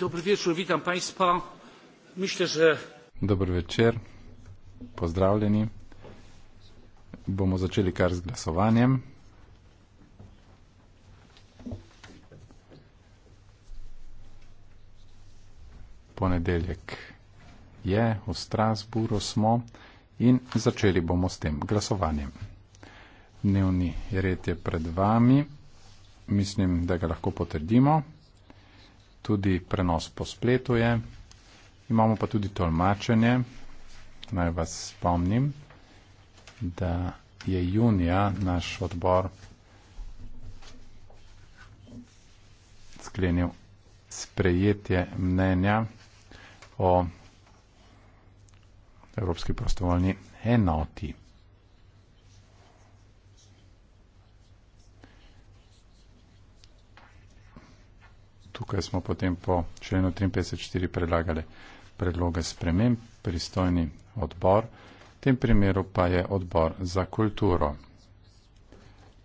Dobro večer, vidim Państwa. Myślę, że. Dobro večer, pozdravljeni. Bomo začeli kar z glasovanjem. Ponedeljek je, v Strasburu smo in začeli bomo s tem glasovanjem. Dnevni red je pred vami, mislim, da ga lahko potrdimo tudi prenos po spletu je. Imamo pa tudi tolmačenje. Naj vas spomnim, da je junija naš odbor sklenil sprejetje mnenja o Evropski prostovoljni enoti. tukaj smo potem po členu 53.4 predlagali predloge sprememb, pristojni odbor, v tem primeru pa je odbor za kulturo.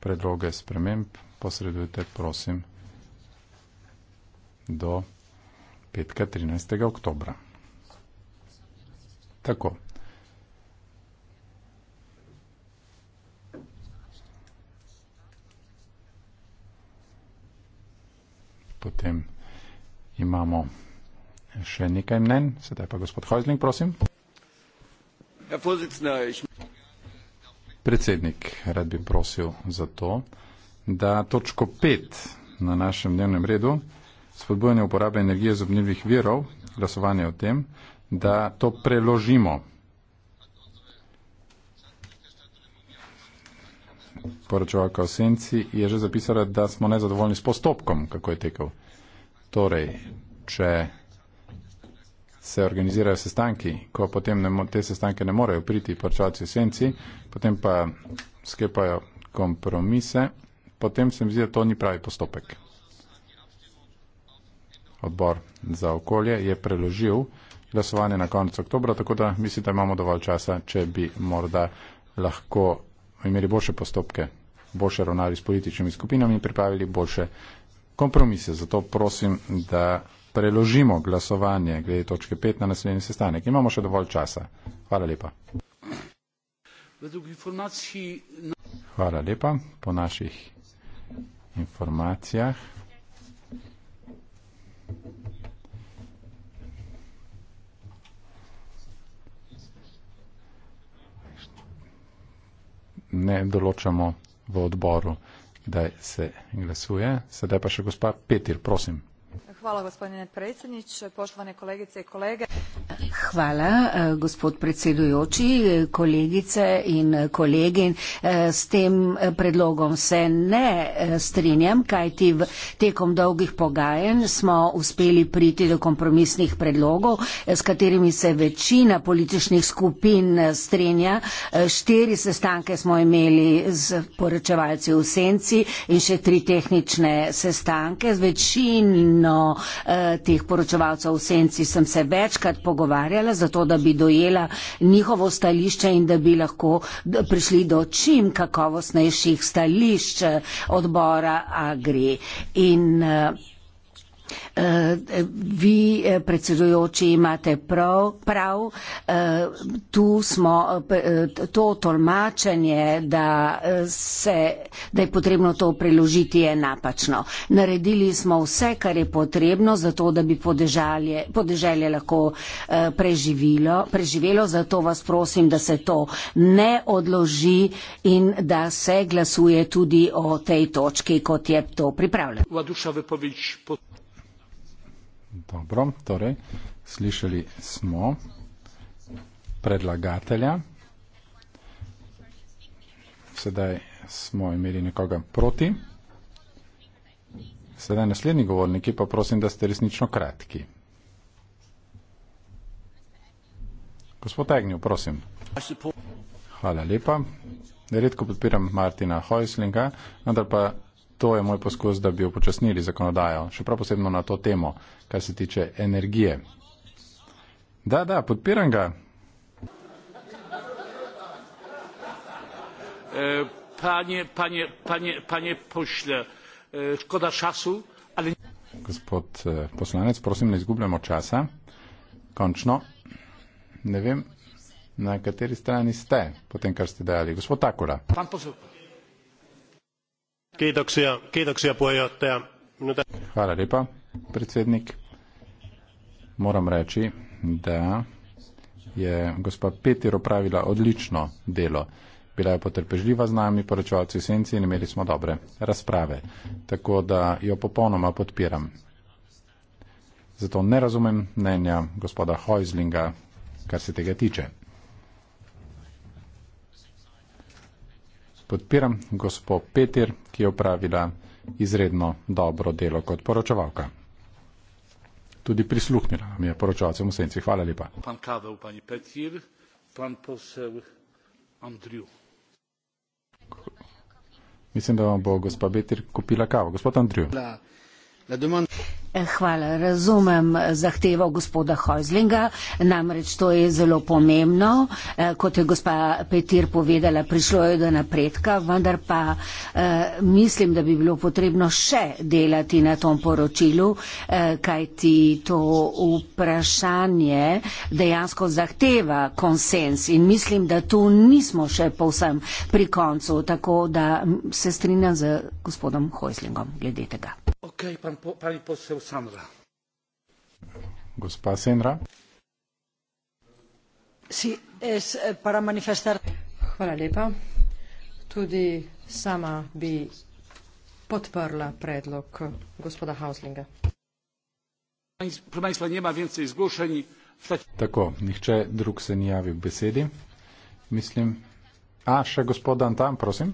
Predloge sprememb posredujte, prosim, do petka 13. oktobra. Tako. potem imamo še nekaj mnen. Sedaj pa gospod Hojzling, prosim. Predsednik, rad bi prosil za to, da točko pet na našem dnevnem redu, spodbujanje uporabe energije z obnivih virov, glasovanje o tem, da to preložimo. poročevalka o senci, je že zapisala, da smo nezadovoljni s postopkom, kako je tekel. Torej, če se organizirajo sestanki, ko potem ne, te sestanke ne morejo priti poročevalci o senci, potem pa sklepajo kompromise, potem se mi zdi, da to ni pravi postopek. Odbor za okolje je preložil glasovanje na konec oktobra, tako da mislim, da imamo dovolj časa, če bi morda lahko imeli boljše postopke, boljše ravnali s političnimi skupinami in pripravili boljše kompromise. Zato prosim, da preložimo glasovanje glede točke 5 na naslednji sestanek. Imamo še dovolj časa. Hvala lepa. Hvala lepa. Po naših informacijah. Thank you. ne določamo v odboru, kdaj se glasuje. Sedaj pa še gospa Petir, prosim. Hvala, gospodine predsjedniče, poštovane kolegice i kolege. Hvala, eh, gospod predsedujoči, kolegice in kolegin. Eh, s tem eh, predlogom se ne strinjam, kajti tekom dolgih pogajanj smo uspeli priti do kompromisnih predlogov, s katerimi se večina političnih skupin strinja. Štiri sestanke smo imeli z poročevalci v Senci in še tri tehnične sestanke. Z večino teh poročevalcev v Senci sem se večkrat pogovarjal pogovarjala, zato da bi dojela njihovo stališče in da bi lahko prišli do čim kakovostnejših stališč odbora Agri. In, uh, Eh, vi, eh, predsedujoči, imate prav, prav. Eh, tu smo to tolmačenje, da, se, da je potrebno to preložiti, je napačno. Naredili smo vse, kar je potrebno, zato da bi podeželje, podeželje lahko preživilo, preživelo. Zato vas prosim, da se to ne odloži in da se glasuje tudi o tej točki, kot je to pripravljeno. Dobro, torej, slišali smo predlagatelja. Sedaj smo imeli nekoga proti. Sedaj naslednji govorniki, pa prosim, da ste resnično kratki. Gospod Agnew, prosim. Hvala lepa. Redko podpiram Martina Heuslinga, vendar pa to je moj poskus, da bi upočasnili zakonodajo, še prav posebno na to temo, kar se tiče energije. Da, da, podpiram ga. E, panie, panie, panie, panie pošle, škoda e, času, ali. Gospod e, poslanec, prosim, ne izgubljamo časa. Končno, ne vem, na kateri strani ste, potem, kar ste dejali. Gospod Takura. Pan poslanec. No hvala lepa predsednik moram reči da je gospa petir opravila odlično delo bila je potrpežljiva z nami poročevalci senci in imeli smo dobre razprave tako da jo popolnoma podpiram zato ne razumem mnenja gospoda heuslinga kar se tega tiče podpiram gospod Petir, ki je upravila izredno dobro delo kot poročevalka. Tudi prisluhnila mi je poročevalcem v senci. Hvala lepa. Pan Kavel, pani Petir, pan posel Andriju. Mislim, da vam bo gospa Petir kupila kavo. Gospod Andriju. La, la domanda... Hvala, razumem zahtevo gospoda Hojzlinga, namreč to je zelo pomembno. Eh, kot je gospa Petir povedala, prišlo je do napredka, vendar pa eh, mislim, da bi bilo potrebno še delati na tom poročilu, eh, kajti to vprašanje dejansko zahteva konsens in mislim, da tu nismo še povsem pri koncu, tako da se strinjam z gospodom Hojzlingom glede tega. Okay, pan, pan, pan, pan, Sandra. Gospa Sandra. Si, es, eh, para manifestar... Hvala lepa. Tudi sama bi podprla predlog gospoda Hauslinga. Tako, nihče drug se ni javil besedi, mislim. A, še gospod Antan, prosim.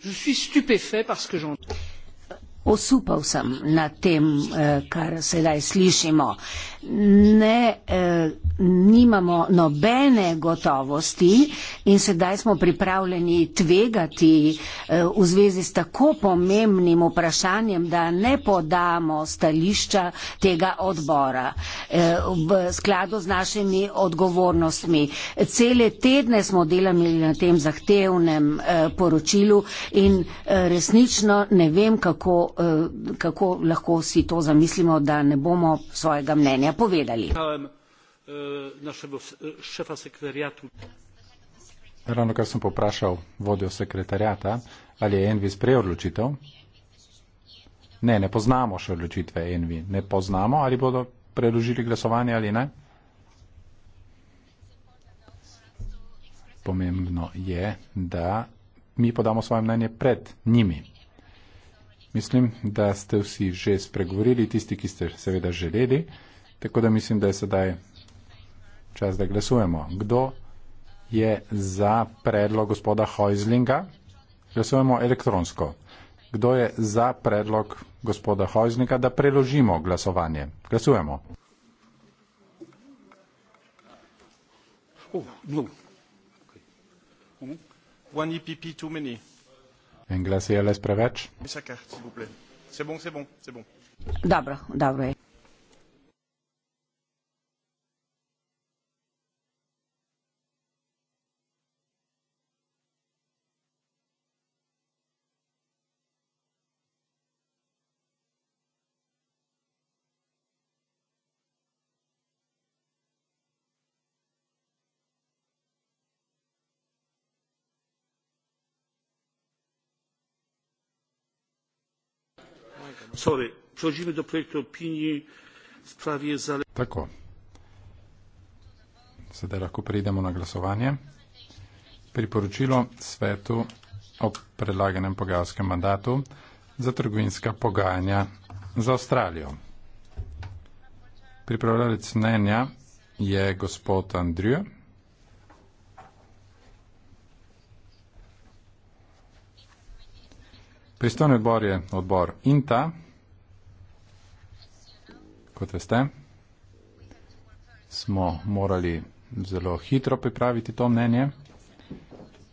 je suis stupéfait par ce que j'entends osupal sem na tem, eh, kar sedaj slišimo. Ne, eh, nimamo nobene gotovosti in sedaj smo pripravljeni tvegati eh, v zvezi s tako pomembnim vprašanjem, da ne podamo stališča tega odbora v skladu z našimi odgovornostmi. Cele tedne smo delali na tem zahtevnem poročilu in resnično ne vem, kako Eh, kako lahko si to zamislimo, da ne bomo svojega mnenja povedali. Eh, eh, Ravno kar sem poprašal vodjo sekretarjata, ali je Envi sprejel odločitev. Ne, ne poznamo še odločitve Envi. Ne poznamo, ali bodo predložili glasovanje ali ne. Pomembno je, da mi podamo svoje mnenje pred njimi. Mislim, da ste vsi že spregovorili, tisti, ki ste seveda želeli. Tako da mislim, da je sedaj čas, da glasujemo. Kdo je za predlog gospoda Hojzlinga? Glasujemo elektronsko. Kdo je za predlog gospoda Hojzlinga, da preložimo glasovanje? Glasujemo. Oh, no. okay. One EPP too many en glas je le spreveč. Dobro, dobro je. przechodzimy do projektu opinii w sprawie zaleceń. priporočilo svetu o predlaganem pogajalskem mandatu za trgovinska pogajanja za Avstralijo. Pripravljalec mnenja je gospod Andrij. Pristojni odbor je odbor INTA. Kot veste, smo morali zelo hitro pripraviti to mnenje.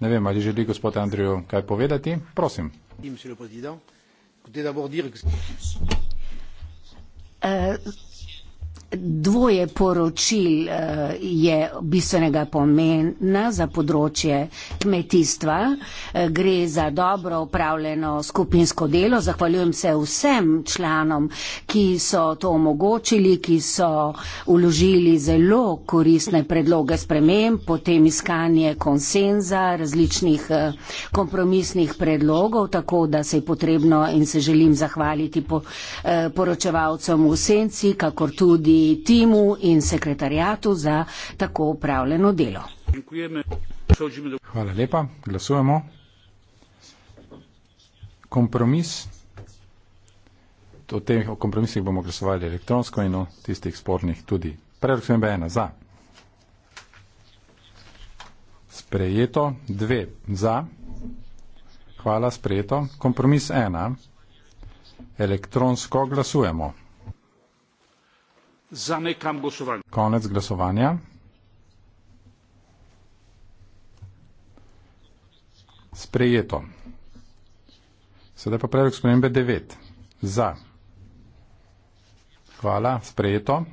Ne vem, ali želi gospod Andrew kaj povedati. Prosim. Uh, dvoje poročil eh, je bistvenega pomena za področje kmetijstva. Eh, gre za dobro upravljeno skupinsko delo. Zahvaljujem se vsem članom, ki so to omogočili, ki so uložili zelo koristne predloge spremem, potem iskanje konsenza različnih eh, kompromisnih predlogov, tako da se je potrebno in se želim zahvaliti poročevalcem v senci, kakor tudi Sloveniji, timu in sekretarjatu za tako upravljeno delo. Hvala lepa. Glasujemo. Kompromis. O teh o kompromisih bomo glasovali elektronsko in o tistih spornih tudi. Predlog sem ena za. Sprejeto. Dve za. Hvala, sprejeto. Kompromis ena. Elektronsko glasujemo. Zamykam głosowanie. Koniec głosowania. Sprejeto. Sedaj pa predlog spremembe 9. Za. Hvala. Sprejeto.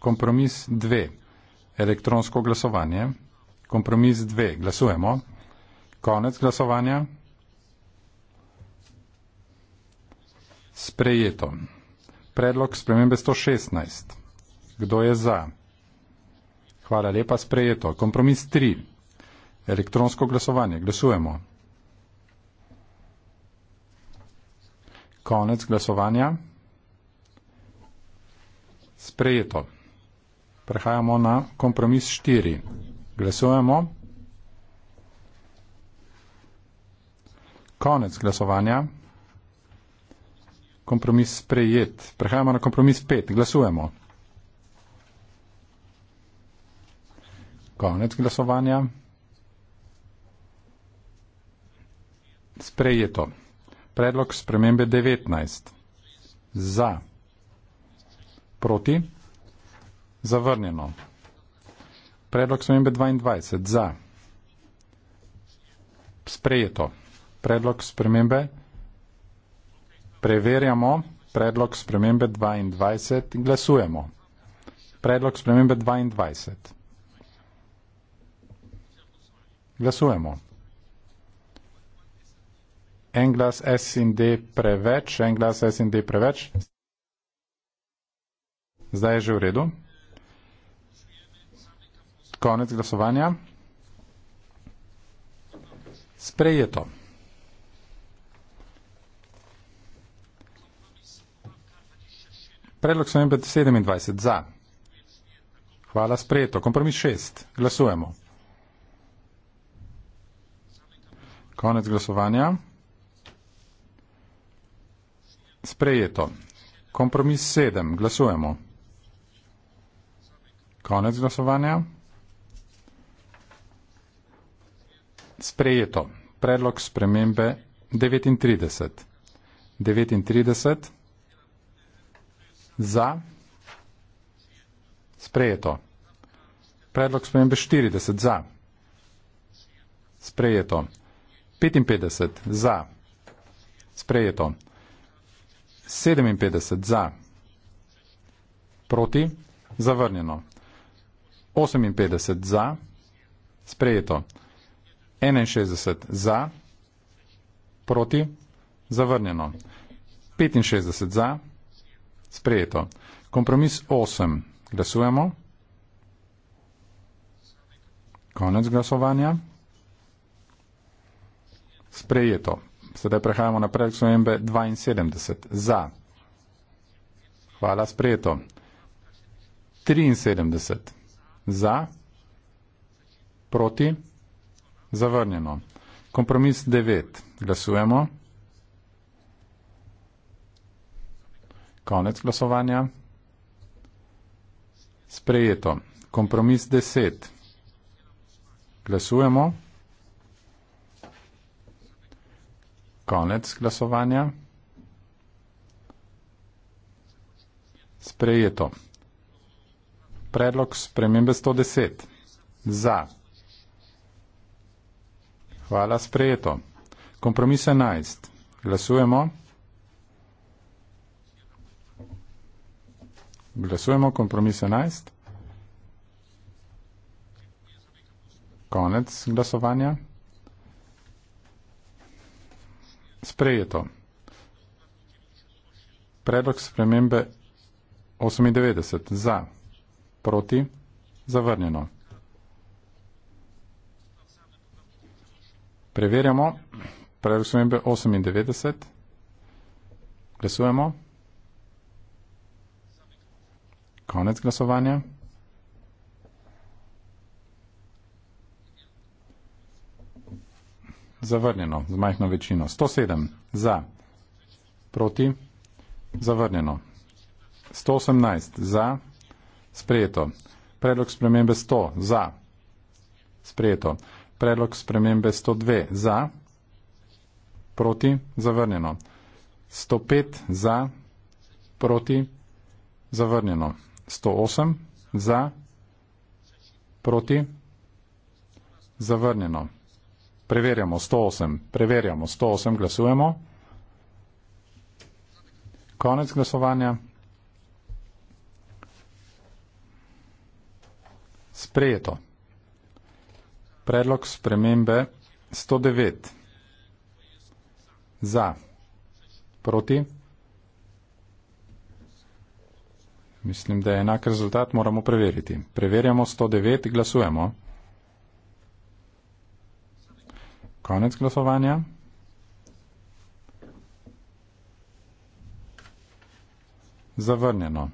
Kompromis 2. Elektronsko glasovanje. Kompromis 2. Glasujemo. Konec glasovanja. Sprejeto predlog spremembe 116. Kdo je za? Hvala lepa, sprejeto. Kompromis 3. Elektronsko glasovanje. Glasujemo. Konec glasovanja. Sprejeto. Prehajamo na kompromis 4. Glasujemo. Konec glasovanja kompromis sprejet. Prehajamo na kompromis pet. Glasujemo. Konec glasovanja. Sprejeto. Predlog spremembe 19. Za. Proti. Zavrnjeno. Predlog spremembe 22. Za. Sprejeto. Predlog spremembe 22. Preverjamo predlog spremembe 22 in glasujemo. Predlog spremembe 22. Glasujemo. En glas S in D preveč, en glas S in D preveč. Zdaj je že v redu. Konec glasovanja. Sprejeto. Predlog sem 27 za. Hvala, sprejeto. Kompromis 6. Glasujemo. Konec glasovanja. Sprejeto. Kompromis 7. Glasujemo. Konec glasovanja. Sprejeto. Predlog spremembe 39. 39 za sprejeto. Predlog spremembe 40 za sprejeto. 55 za sprejeto. 57 za proti zavrnjeno. 58 za sprejeto. 61 za proti zavrnjeno. 65 za sprejeto. Sprejeto. Kompromis 8. Glasujemo. Konec glasovanja. Sprejeto. Sedaj prehajamo na predlog spremembe 72. Za. Hvala, sprejeto. 73. Za. Proti. Zavrnjeno. Kompromis 9. Glasujemo. Konec glasovanja. Sprejeto. Kompromis 10. Glasujemo. Konec glasovanja. Sprejeto. Predlog spremembe 110. Za. Hvala, sprejeto. Kompromis 11. Glasujemo. Glasujemo kompromis 11. Konec glasovanja. Sprejeto. Predlog spremembe 98. Za. Proti. Zavrnjeno. Preverjamo. Predlog spremembe 98. Glasujemo. Glasujemo konec glasovanja. Zavrnjeno, z majhno večino. 107 za, proti, zavrnjeno. 118 za, sprejeto. Predlog spremembe 100 za, sprejeto. Predlog spremembe 102 za, proti, zavrnjeno. 105 za, proti, zavrnjeno. 108, za, proti, zavrnjeno. Preverjamo 108, preverjamo 108, glasujemo. Konec glasovanja. Sprejeto. Predlog spremembe 109. Za. Proti. Mislim, da je enak rezultat, moramo preveriti. Preverjamo 109, glasujemo. Konec glasovanja. Zavrnjeno.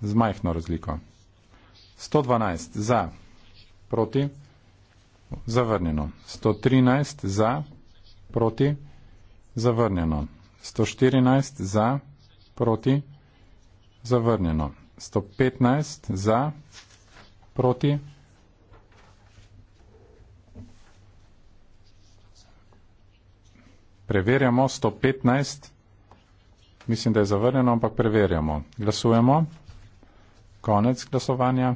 Z majhno razliko. 112 za, proti, zavrnjeno. 113 za, proti, zavrnjeno. 114 za, proti, zavrnjeno zavrnjeno. 115 za, proti. Preverjamo 115. Mislim, da je zavrnjeno, ampak preverjamo. Glasujemo. Konec glasovanja.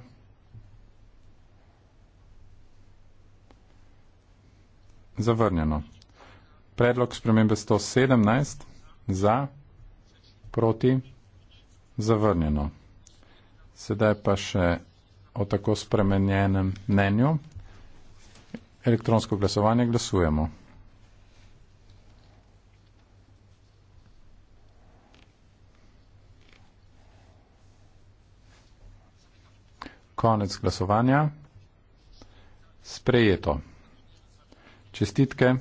Zavrnjeno. Predlog spremembe 117 za, proti zavrnjeno. Sedaj pa še o tako spremenjenem mnenju. Elektronsko glasovanje glasujemo. Konec glasovanja. Sprejeto. Čestitke.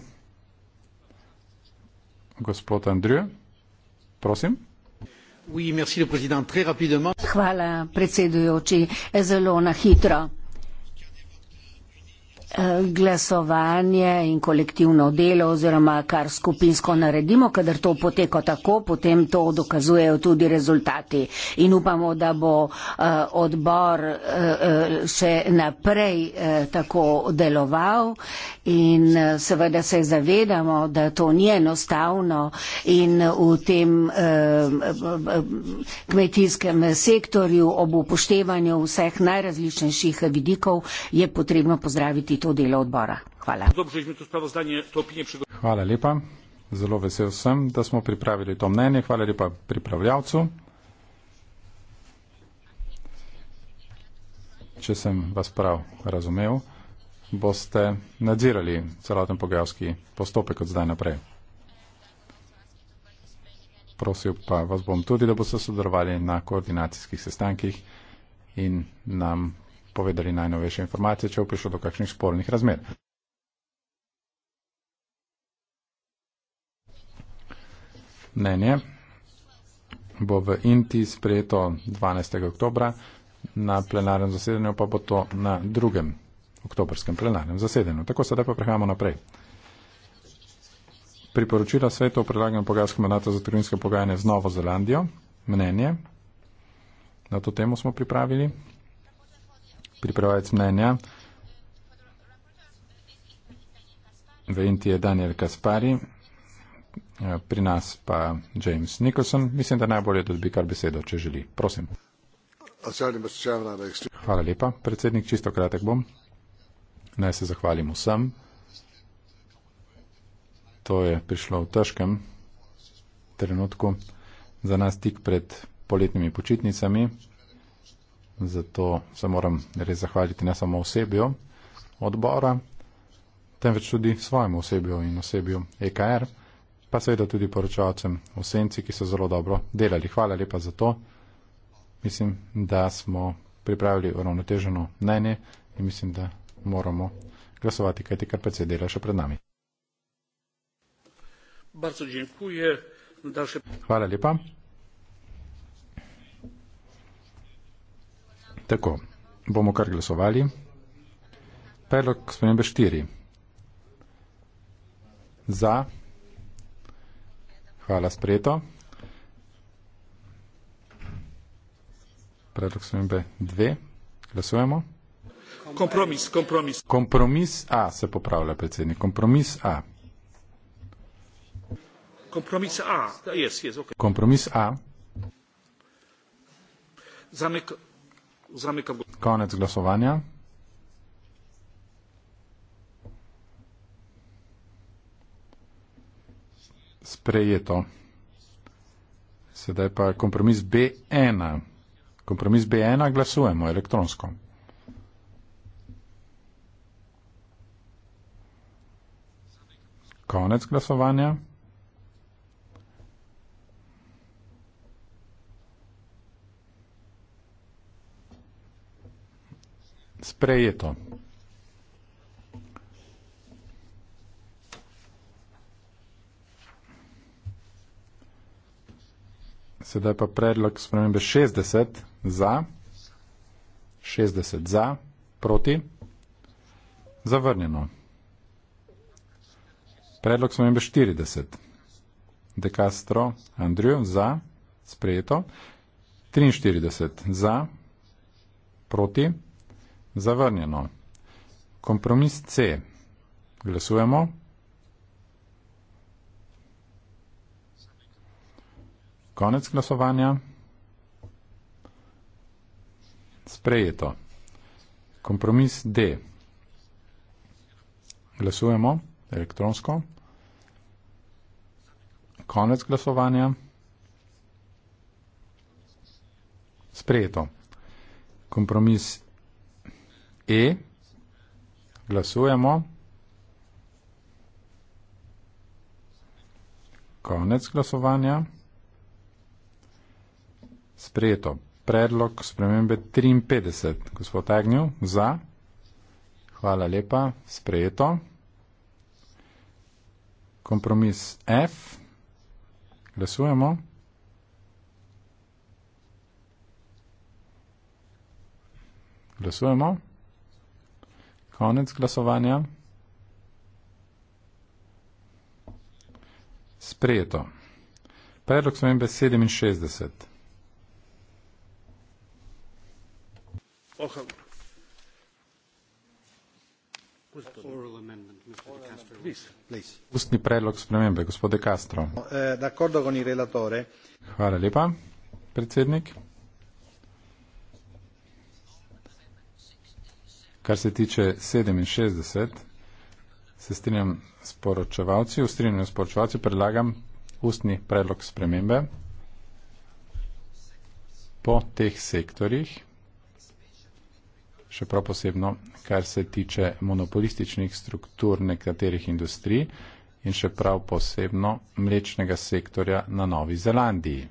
Gospod Andrej, prosim. Hvala predsedujoči, zelo na hitro. Eh, glasovanje in kolektivno delo oziroma kar skupinsko naredimo, kadar to poteka tako, potem to dokazujejo tudi rezultati. In upamo, da bo eh, odbor eh, še naprej tako deloval in seveda se zavedamo, da to ni enostavno in v tem kmetijskem sektorju ob upoštevanju vseh najrazličnejših vidikov je potrebno pozdraviti dopolnitev dela odbora. Hvala. Hvala lepa. Zelo vesel sem, da smo pripravili to mnenje. Hvala lepa pripravljavcu. Če sem vas prav razumel, boste nadzirali celoten pogajalski postopek od zdaj naprej. Prosil pa vas bom tudi, da boste sodelovali na koordinacijskih sestankih in nam povedali najnovejše informacije, če bo prišlo do kakšnih spornih razmer. Mnenje bo v Inti sprejeto 12. oktobra, na plenarnem zasedanju pa bo to na drugem oktobrskem plenarnem zasedanju. Tako sedaj pa prehajamo naprej. Priporočila sveta o predlaganju pogajalskega mandata za trgovinske pogajanje z Novo Zelandijo. Mnenje. Na to temo smo pripravili pripravec mnenja. V Inti je Daniel Kaspari, ja, pri nas pa James Nicholson. Mislim, da najbolje dobi kar besedo, če želi. Prosim. Hvala lepa, predsednik. Čisto kratek bom. Naj se zahvalim vsem. To je prišlo v težkem trenutku za nas tik pred poletnimi počitnicami. Zato se moram res zahvaliti ne samo osebju odbora, temveč tudi svojemu osebju in osebju EKR, pa seveda tudi poročavcem v Senci, ki so zelo dobro delali. Hvala lepa za to. Mislim, da smo pripravili uravnoteženo mnenje in mislim, da moramo glasovati, kajti kar PC dela še pred nami. Hvala lepa. Tako, bomo kar glasovali. Predlog spremembe 4. Za. Hvala, sprejeto. Predlog spremembe 2. Glasujemo. Kompromis, kompromis. Kompromis A, se popravlja predsednik. Kompromis A. Kompromis A. Yes, yes, okay. Kompromis A. Zamek. Konec glasovanja. Sprejeto. Sedaj pa kompromis B1. Kompromis B1 glasujemo elektronsko. Konec glasovanja. sprejeto. Sedaj pa predlog spremembe 60 za, 60 za, proti, zavrnjeno. Predlog spremembe 40, De Castro, Andrew, za, sprejeto, 43 za, proti, zavrnjeno. Zavrnjeno. Kompromis C. Glasujemo. Konec glasovanja. Sprejeto. Kompromis D. Glasujemo elektronsko. Konec glasovanja. Sprejeto. Kompromis E, glasujemo. Konec glasovanja. Sprejeto. Predlog spremembe 53. Gospod Agnjo, za. Hvala lepa. Sprejeto. Kompromis F. Glasujemo. Glasujemo. Glasujemo. Konec glasovanja. Sprejeto. Predlog spremembe 67. Ohem. Ustni predlog spremembe, gospod De Castro. Eh, Hvala lepa, predsednik. Kar se tiče 67, se strinjam s poročevalci, ustrinjam s poročevalci, predlagam ustni predlog spremembe po teh sektorjih, še prav posebno, kar se tiče monopolističnih struktur nekaterih industrij in še prav posebno mlečnega sektorja na Novi Zelandiji.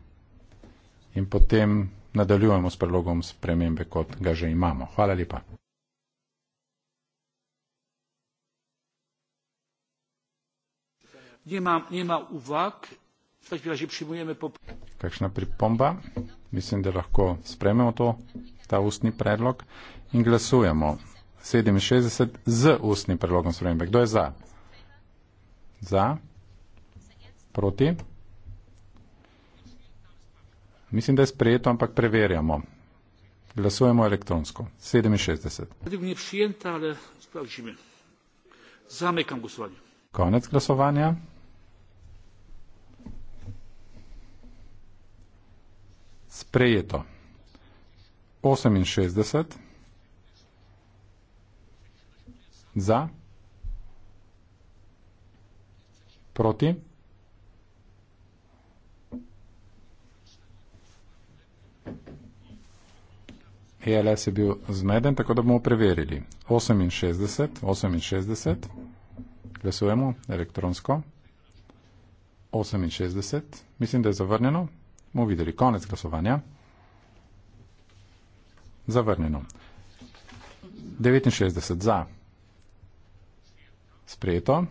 In potem nadaljujemo s predlogom spremembe, kot ga že imamo. Hvala lepa. Nie ma uvak, v takšnem razie prijmujeme poprednje. Kakšna pripomba? Mislim, da lahko sprememo to, ta ustni predlog in glasujemo. 67 z ustnim predlogom spremembe. Kdo je za? Za? Proti? Mislim, da je sprejeto, ampak preverjamo. Glasujemo elektronsko. 67. Konec glasovanja. sprejeto. 68 za proti ELS je bil zmeden, tako da bomo preverili. 68, 68, glasujemo elektronsko. 68, mislim, da je zavrnjeno. Bomo videli konec glasovanja. Zavrnjeno. 69 za. Sprejeto.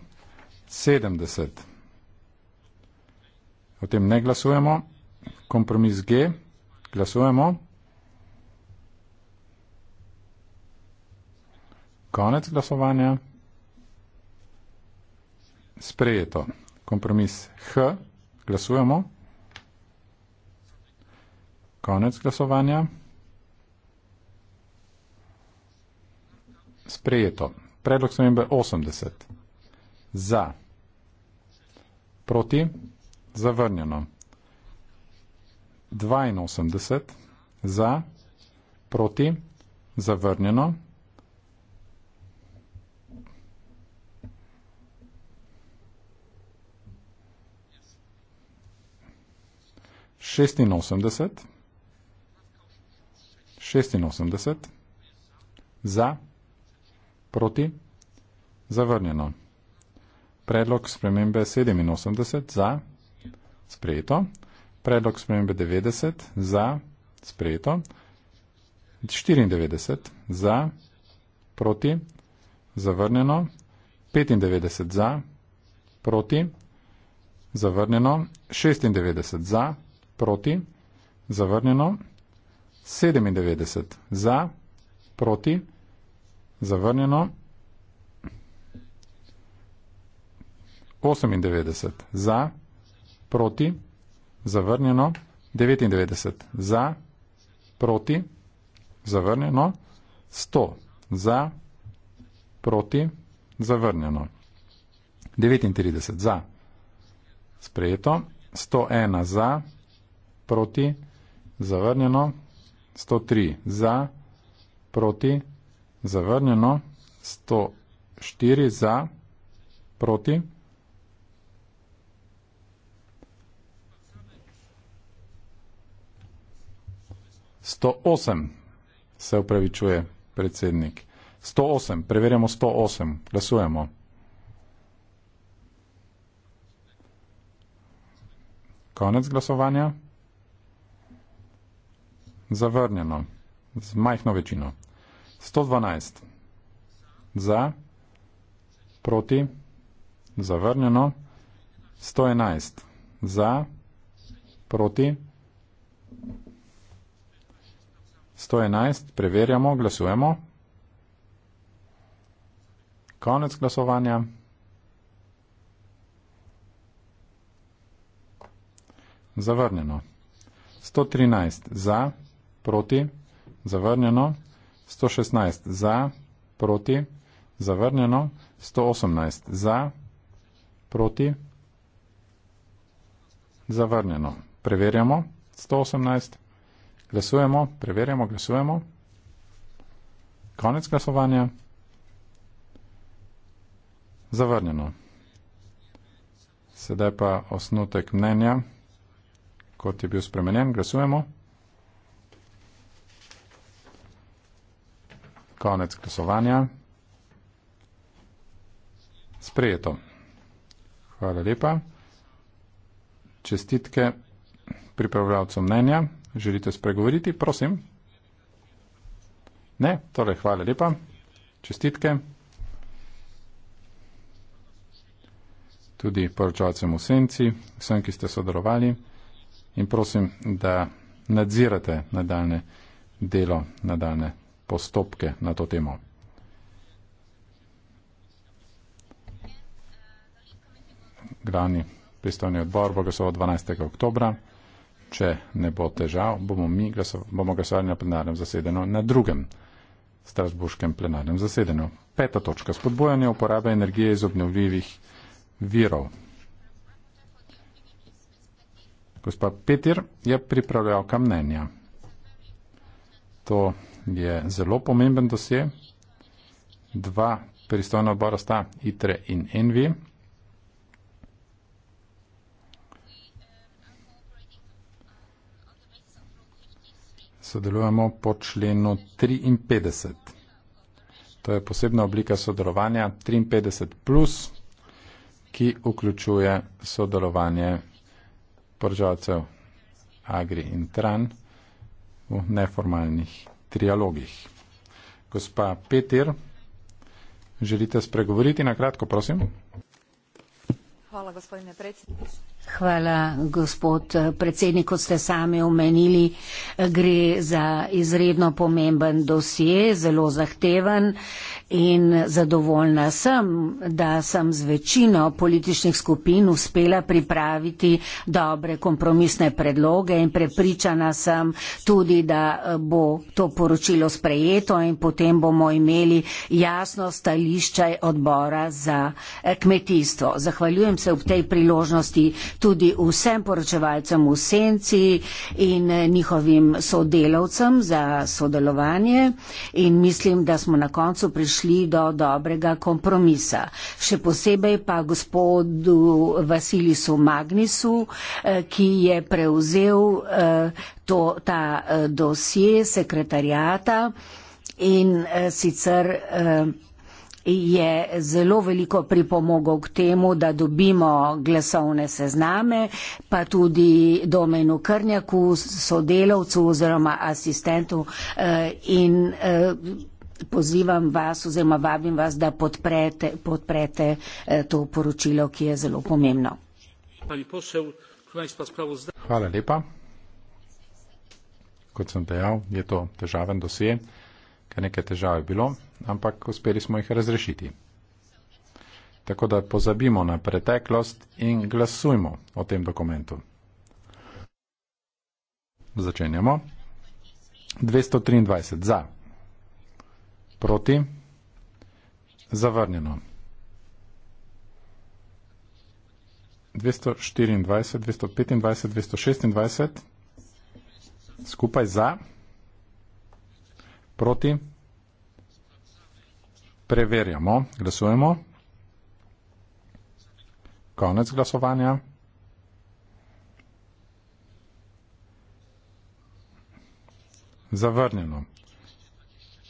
70. O tem ne glasujemo. Kompromis G. Glasujemo. Konec glasovanja. Sprejeto. Kompromis H. Glasujemo. Konec glasovanja. Sprejeto. Predlog spremembe 80. Za. Proti. Zavrnjeno. 82. Za. Proti. Zavrnjeno. Šestinosemdeset. 86, za, proti, zavrnjeno. Predlog spremembe 87, za, sprejeto. Predlog spremembe 90, za, sprejeto. 94, za, proti, zavrnjeno. 95, za, proti, zavrnjeno. 96, za, proti, zavrnjeno. 97 za, proti, zavrnjeno. 98 za, proti, zavrnjeno. 99 za, proti, zavrnjeno. 100 za, proti, zavrnjeno. 39 za, sprejeto. 101 za, proti, zavrnjeno. 103 za, proti, zavrnjeno, 104 za, proti. Sto osem, se upravičuje predsednik. Sto osem, preverjamo sto osem, glasujemo. Konec glasovanja. Zavrnjeno. Z majhno večino. 112. Za. Proti. Zavrnjeno. 111. Za. Proti. 111. Preverjamo, glasujemo. Konec glasovanja. Zavrnjeno. 113 za, proti, zavrnjeno, 116 za, proti, zavrnjeno, 118 za, proti, zavrnjeno. Preverjamo, 118, glasujemo, preverjamo, glasujemo. Konec glasovanja, zavrnjeno. Sedaj pa osnutek mnenja, kot je bil spremenjen, glasujemo. Konec glasovanja. Sprejeto. Hvala lepa. Čestitke pripravljavcu mnenja. Želite spregovoriti? Prosim. Ne, torej hvala lepa. Čestitke. Tudi poročalcem v senci, vsem, ki ste sodelovali. In prosim, da nadzirate nadaljne delo, nadaljne postopke na to temo. Glavni pristojni odbor bo glasoval 12. oktober. Če ne bo težav, bomo mi glasovali, bomo glasovali na plenarnem zasedenju na drugem strasburškem plenarnem zasedenju. Peta točka. Spodbojanje uporabe energije iz obnovljivih virov. Gospod Petir je pripravljal kamnenja. To je zelo pomemben dosje. Dva pristojna odbora sta ITRE in ENVI. Sodelujemo po členu 53. To je posebna oblika sodelovanja 53, plus, ki vključuje sodelovanje poražavcev Agri in Tran v neformalnih trialogih. Gospa Peter, želite spregovoriti na kratko, prosim? Hvala, gospodine predsjedniče. Hvala, gospod eh, predsednik, kot ste sami omenili, eh, gre za izredno pomemben dosje, zelo zahteven in zadovoljna sem, da sem z večino političnih skupin uspela pripraviti dobre kompromisne predloge in prepričana sem tudi, da eh, bo to poročilo sprejeto in potem bomo imeli jasno stališče odbora za kmetijstvo. Zahvaljujem se ob tej priložnosti tudi vsem poročevalcem v senci in njihovim sodelavcem za sodelovanje in mislim, da smo na koncu prišli do dobrega kompromisa. Še posebej pa gospodu Vasilisu Magnisu, eh, ki je prevzel eh, to, ta eh, dosje sekretarjata in sicer je zelo veliko pripomogel k temu, da dobimo glasovne sezname, pa tudi domenu Krnjaku, sodelavcu oziroma asistentu eh, in eh, pozivam vas oziroma vabim vas, da podprete, podprete eh, to poročilo, ki je zelo pomembno. Hvala lepa. Kot sem dejal, je to težaven dosje, ker nekaj težav je bilo ampak uspeli smo jih razrešiti. Tako da pozabimo na preteklost in glasujmo o tem dokumentu. Začenjamo. 223 za, proti, zavrnjeno. 224, 225, 226, skupaj za, proti, zavrnjeno. Preverjamo. Glasujemo. Konec glasovanja. Zavrnjeno.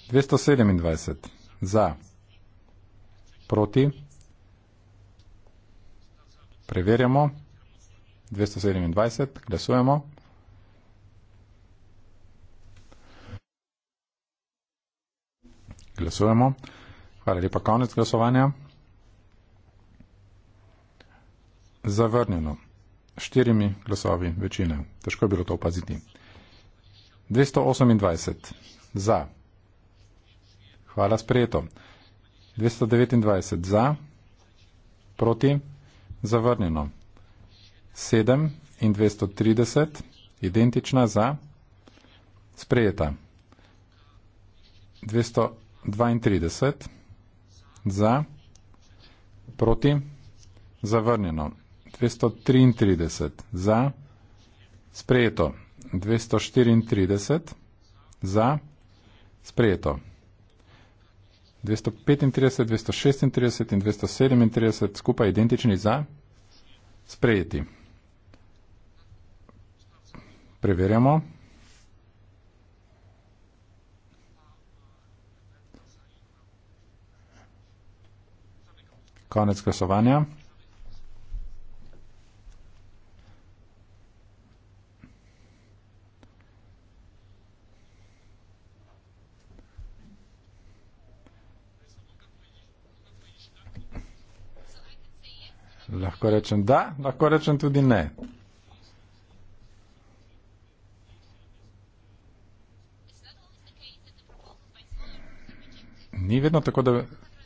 227 za. Proti. Preverjamo. 227. Glasujemo. Glasujemo. Hvala lepa. Konec glasovanja. Zavrnjeno. Štirimi glasovi večine. Težko je bilo to opaziti. 228 za. Hvala sprejeto. 229 za. Proti. Zavrnjeno. 7 in 230. Identična za. Sprejeta. 232 za, proti, zavrnjeno. 233 za, sprejeto. 234 za, sprejeto. 235, 236 in 237 skupaj identični za, sprejeti. Preverjamo. Konec glasovanja. Lahko rečem da, lahko rečem tudi ne. Ni vedno tako, da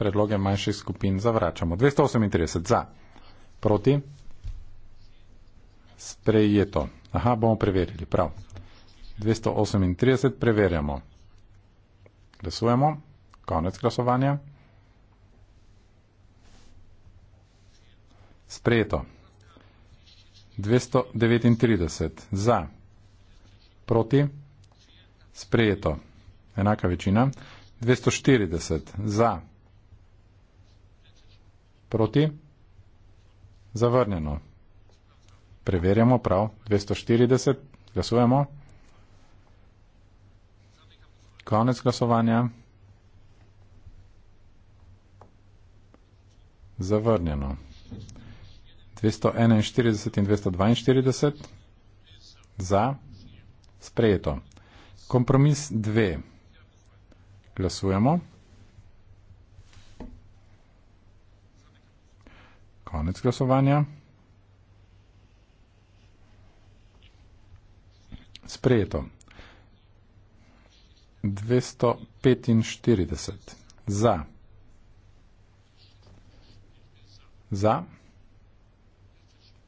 predloge manjših skupin zavračamo. 238 za, proti, sprejeto. Aha, bomo preverili, prav. 238 preverjamo. Glasujemo, konec glasovanja. Sprejeto. 239 za, proti, sprejeto. Enaka večina. 240 za, proti. Proti? Zavrnjeno. Preverjamo prav. 240. Glasujemo. Konec glasovanja. Zavrnjeno. 241 in 242. Za. Sprejeto. Kompromis 2. Glasujemo. konec glasovanja. Sprejeto. 245 za. Za.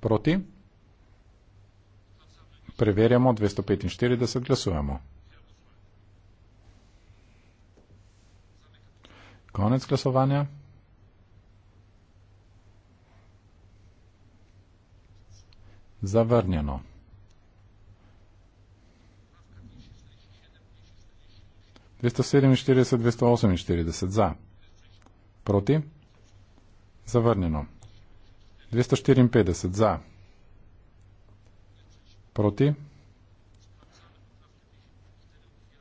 Proti. Preverjamo 245, glasujemo. Konec glasovanja. zavrnjeno. Dvesto sedeminštirideset, dvesto oseminštirideset za. Proti? Zavrnjeno. Dvesto štiriinpetdeset za. Proti?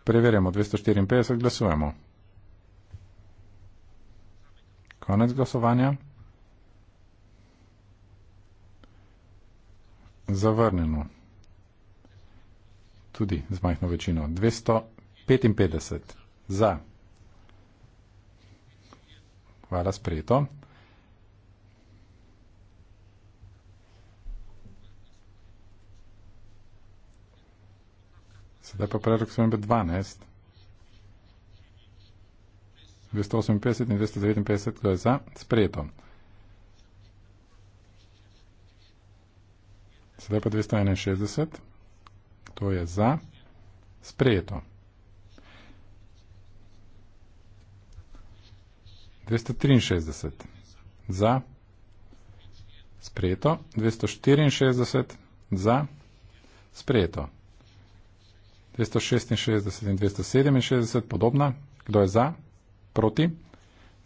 Preverjamo. Dvesto štiriinpetdeset glasujemo. Konec glasovanja. zavrnjeno. Tudi z majhno večino. 255 za. Hvala, sprejeto. Sedaj pa predlog spremembe 12. 258 in 259 je za. Sprejeto. Sedaj pa 261. To je za. Sprejeto. 263. Za. Sprejeto. 264. Za. Sprejeto. 266 in 267. Podobna. Kdo je za? Proti.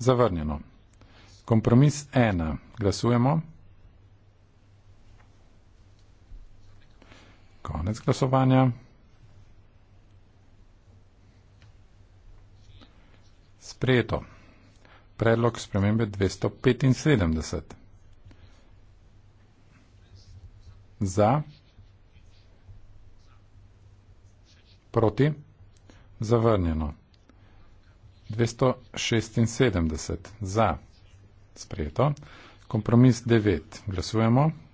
Zavrnjeno. Kompromis 1. Glasujemo. Glasujemo. Konec glasovanja. Sprejeto. Predlog spremembe 275. Za. Proti. Zavrnjeno. 276. Za. Sprejeto. Kompromis 9. Glasujemo. Glasujemo.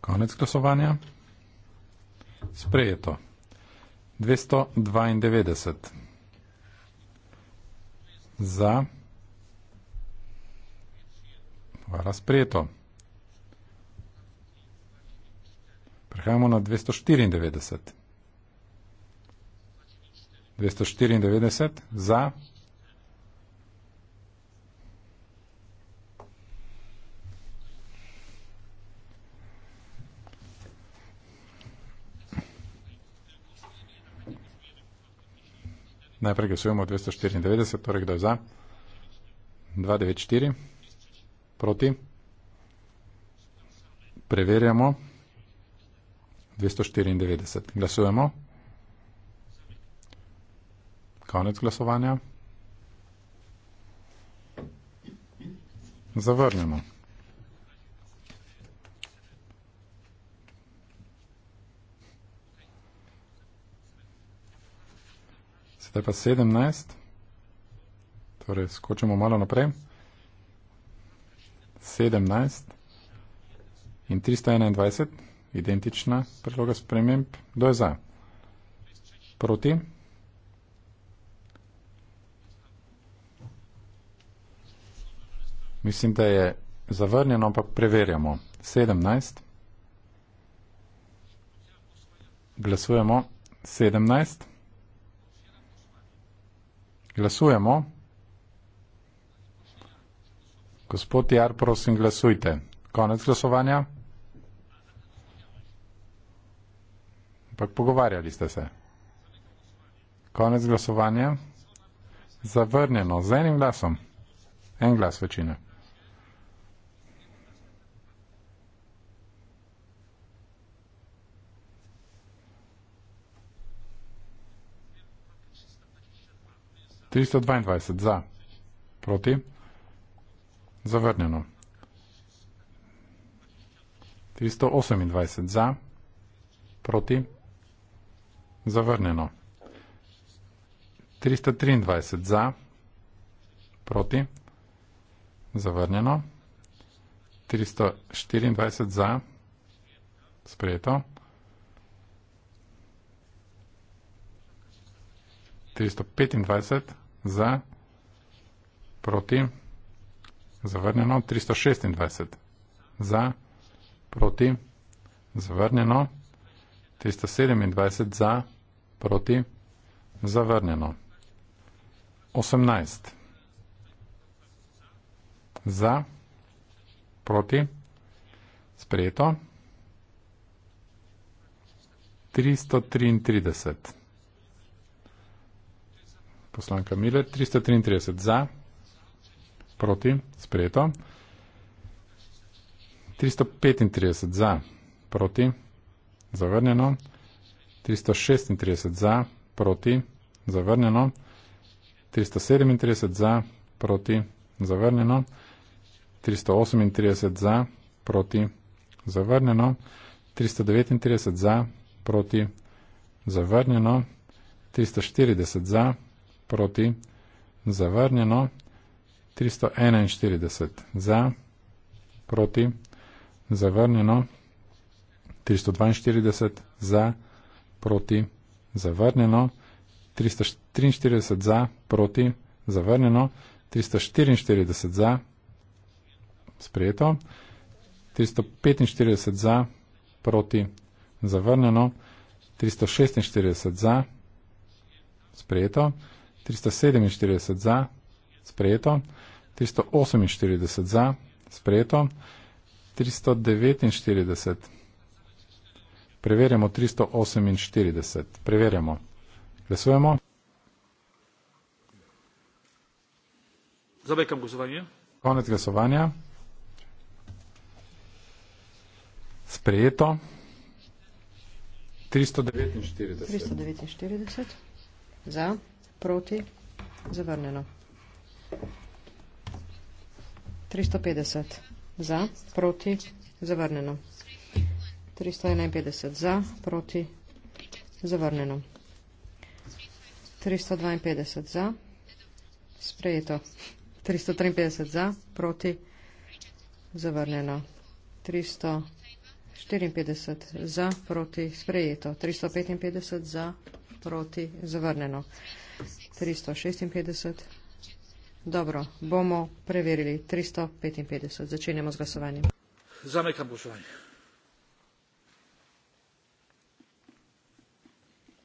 Konec glasovanja. Sprejeto. 292. Za. Hvala, sprejeto. Prehajamo na 294. 294 za. Najprej glasujemo 294, torej kdo je za? 294, proti. Preverjamo. 294. Glasujemo. Konec glasovanja. Zavrnemo. Zdaj pa 17. Torej, skočimo malo naprej. 17 in 321, identična predloga sprememb. Kdo je za? Proti? Mislim, da je zavrnjeno, ampak preverjamo. 17. Glasujemo. 17. Glasujemo. Gospod Jar, prosim, glasujte. Konec glasovanja. Ampak pogovarjali ste se. Konec glasovanja. Zavrnjeno z enim glasom. En glas večine. 322 za, proti, zavrnjeno. 328 za, proti, zavrnjeno. 323 za, proti, zavrnjeno. 324 za, sprejeto. 325 za, za, proti, zavrnjeno, 326, za, proti, zavrnjeno, 327, za, proti, zavrnjeno, 18, za, proti, sprejeto, 333, poslanka Miller, 333 za, proti, sprejeto. 335 za, proti, zavrnjeno. 336 za, proti, zavrnjeno. 337 za, proti, zavrnjeno. 338 za, proti, zavrnjeno. 339 za, proti, zavrnjeno. 340 za, proti, zavrnjeno. 340 za, proti, zavrnjeno, 341 za, proti, zavrnjeno, 342 za, proti, zavrnjeno, 343 za, proti, zavrnjeno, 344 za, sprejeto, 345 za, proti, zavrnjeno, 346 za, sprejeto, 347 za, sprejeto, 348 za, sprejeto, 349, preverjamo 348, preverjamo, glasujemo. Zabekam glasovanje. Konec glasovanja. Sprejeto. 349. 349. Za. Proti. Zavrnjeno. 350. Za. Proti. Zavrnjeno. 351. Za. Proti. Zavrnjeno. 352. Za. Sprejeto. 353. Za. Proti. Zavrnjeno. 354. Za. Proti. Sprejeto. 355. Za. Proti. Zavrnjeno. 356. Dobro, bomo preverili 355. Začenjamo z glasovanjem. Zamekam glasovanje.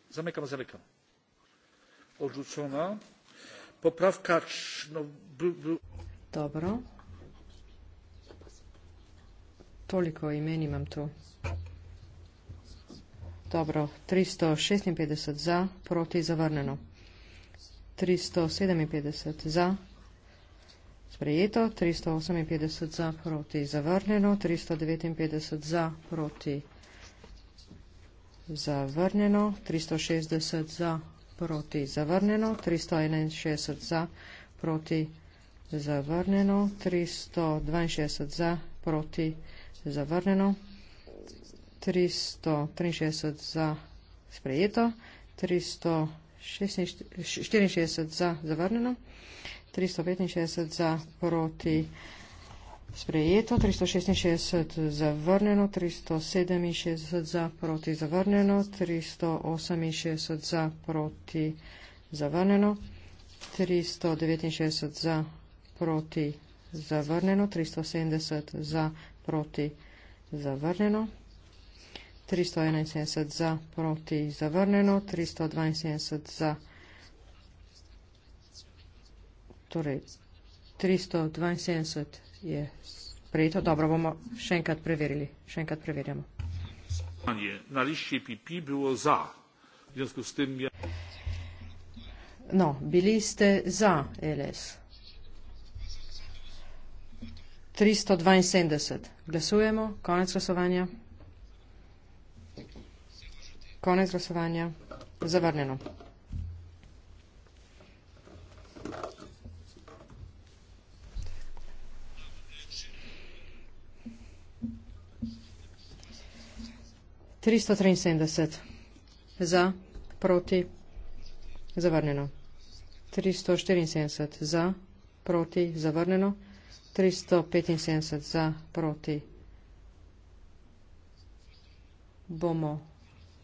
Zamekam, zamekam. Odrzucona. Poprawka. No, bl, bl. Dobro. Toliko imen imam tu. Dobro, 356 za, proti zavrneno. 357 za, sprejeto, 358 za, proti, zavrnjeno, 359 za, proti, zavrnjeno, 360 za, proti, zavrnjeno, 361 za, proti, zavrnjeno, 362 za, proti, zavrnjeno, 363 za, sprejeto, 300 64 za zavrnjeno, 365 za proti sprejeto, 366 zavrnjeno, 367 za proti zavrnjeno, 368 za proti zavrnjeno, 369 za proti zavrnjeno, 370 za proti zavrnjeno. 371 za, proti zavrneno, 372 za, torej 372 je sprejeto. Dobro, bomo še enkrat preverili, še enkrat preverjamo. Na lišči PP bilo za. Ja- no, bili ste za LS. 372. Glasujemo. Konec glasovanja. Konec glasovanja. Zavrnjeno. Tristo triinsedemdeset za, proti, zavrnjeno. Tristo štiriinsedemdeset za, proti, zavrnjeno. Tristo petinsedemdeset za, proti. Bomo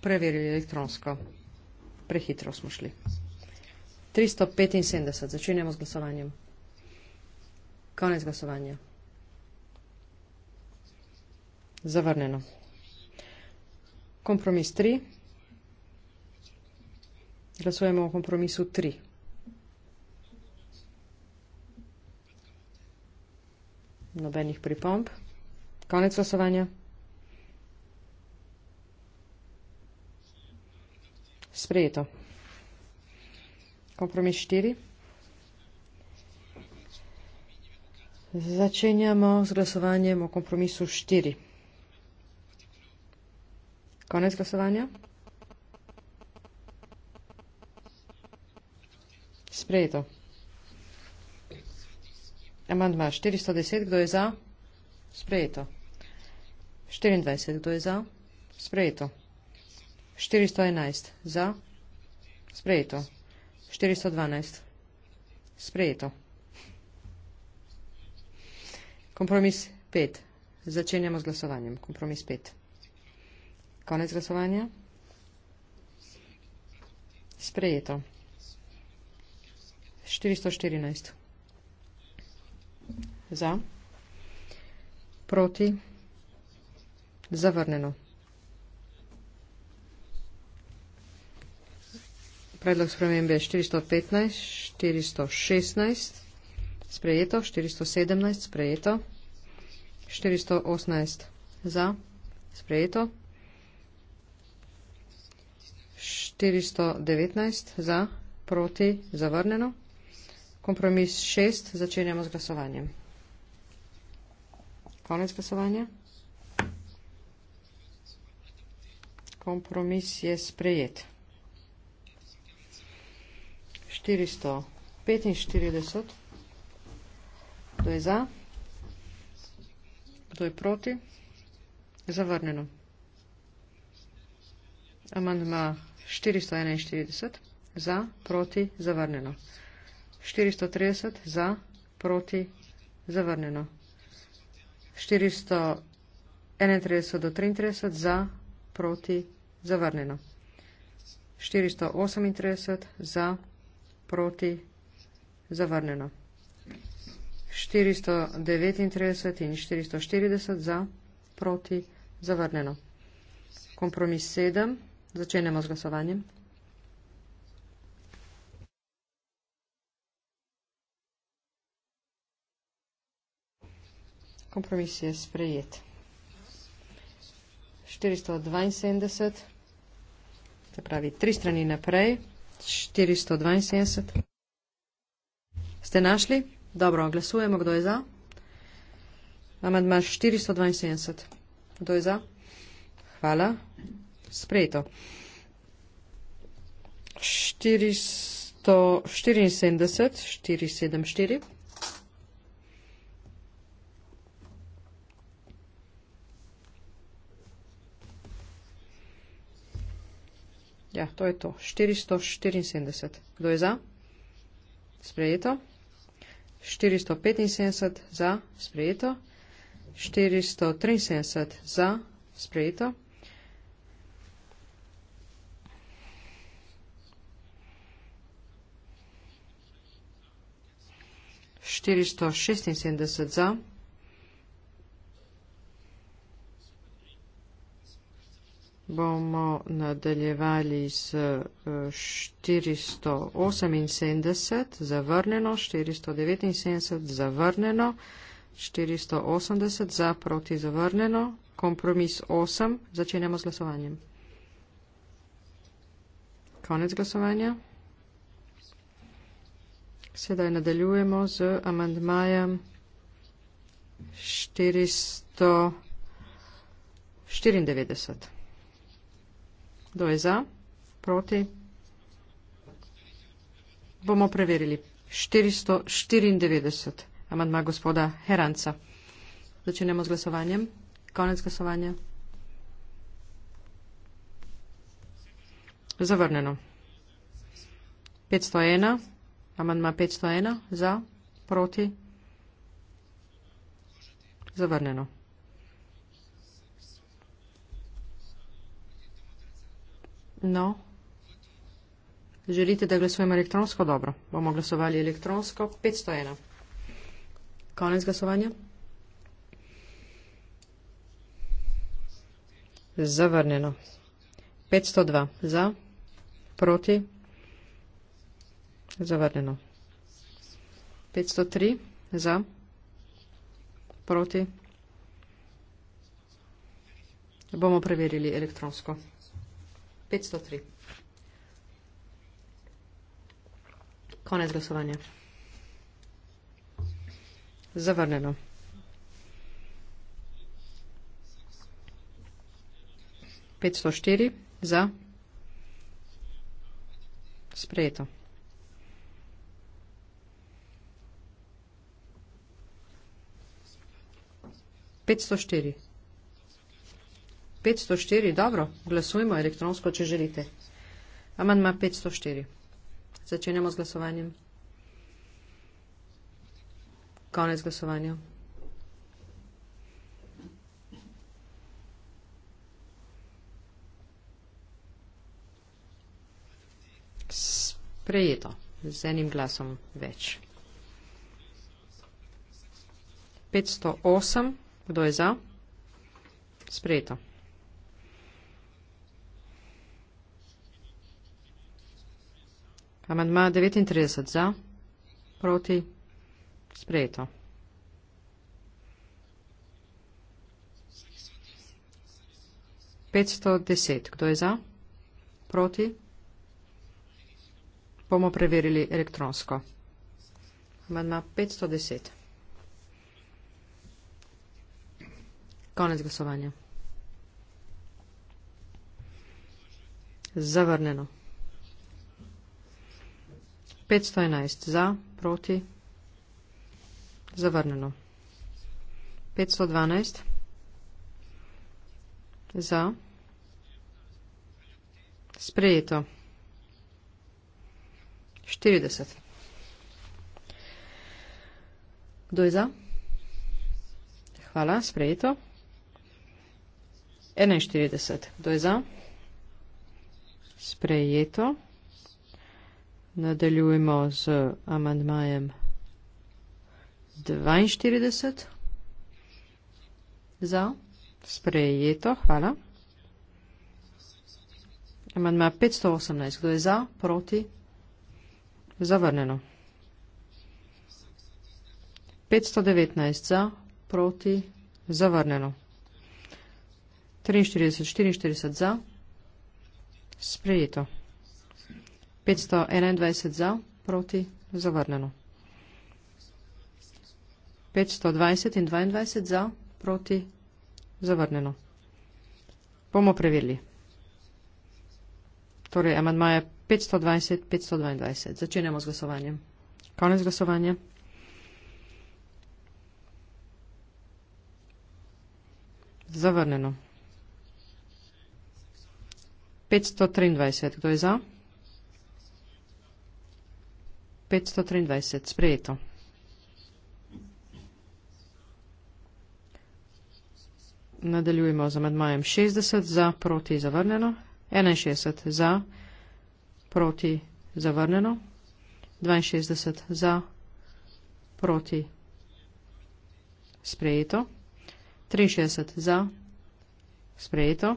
preverili elektronsko. Prehitro smo šli. 375. Začenjamo z glasovanjem. Konec glasovanja. Zavrneno. Kompromis 3. Glasujemo o kompromisu 3. Nobenih pripomb. Konec glasovanja. sprejeto. Kompromis 4. Začenjamo z glasovanjem o kompromisu 4. Konec glasovanja. Sprejeto. Amandma 410, kdo je za? Sprejeto. 24, kdo je za? Sprejeto. 411. Za. Sprejeto. 412. Sprejeto. Kompromis 5. Začenjamo z glasovanjem. Kompromis 5. Konec glasovanja. Sprejeto. 414. Za. Proti. Zavrneno. Predlog spremembe je 415, 416, sprejeto, 417, sprejeto, 418 za, sprejeto, 419 za, proti, zavrneno, kompromis 6, začenjamo z glasovanjem. Konec glasovanja. Kompromis je sprejet. 445. Kdo je za? Kdo je proti? Zavrnjeno. Amandma 441. Za, proti, zavrnjeno. 430. Za, proti, zavrnjeno. 431 do 33. Za, proti, zavrnjeno. 438. Za, proti, zavrnjeno proti zavrnjeno. 439 in 440 za proti zavrnjeno. Kompromis 7. Začenjamo z glasovanjem. Kompromis je sprejet. 472, se pravi tri strani naprej, 472. Ste našli? Dobro, glasujemo, kdo je za? Amadma 472. Kdo je za? Hvala. Sprejeto. 474, 474. Ja, to je to. 474. Kdo je za? Sprejeto. 475 za. Sprejeto. 473 za. Sprejeto. Štiristo šestinsedemdeset za. bomo nadaljevali z 478 eh, zavrnjeno, 479 zavrnjeno, 480 za proti zavrnjeno, kompromis 8, začenjamo z glasovanjem. Konec glasovanja. Sedaj nadaljujemo z amandmajem 494. Kdo je za? Proti? Bomo preverili. 494. Amadma gospoda Heranca. Začnemo z glasovanjem. Konec glasovanja. Zavrneno. 501. Amadma 501. Za? Proti? Zavrneno. No. Želite, da glasujemo elektronsko? Dobro. Bomo glasovali elektronsko. 501. Konec glasovanja. Zavrnjeno. 502. Za. Proti. Zavrnjeno. 503. Za. Proti. Bomo preverili elektronsko. 503. Konec glasovanja. Zavrneno. Petsto štiri za sprejeto. Petsto štiri. 504, dobro, glasujmo elektronsko, če želite. Amandma 504. Začenjamo z glasovanjem. Konec glasovanja. Sprejeto z enim glasom več. 508, kdo je za? Sprejeto. 509. Amandma 39 za, proti, sprejeto. Petsto deset. Kdo je za? Proti? Bomo preverili elektronsko. Amadna petsto deset. Konec glasovanja. Zavrneno. 511 za, proti, zavrnjeno. 512 za, sprejeto. 40. Kdo je za? Hvala, sprejeto. 41. Kdo je za? Sprejeto. Sprejeto. Nadaljujemo z amandmajem 42. Za. Sprejeto. Hvala. Amandma 518. Kdo je za? Proti? Zavrneno. 519. Za. Proti? Zavrneno. 43. 44. Za. Sprejeto. 521 za, proti, zavrnjeno. 520 in 22 za, proti, zavrnjeno. Bomo preverili. Torej, amadma je 520, 522. Začenjamo z glasovanjem. Konec glasovanja. Zavrnjeno. 523. Kdo je za? 523. 523 sprejeto. Nadaljujemo z amedmajem 60 za proti zavrneno, 61 za proti zavrneno, 62 za proti sprejeto, 63 za sprejeto,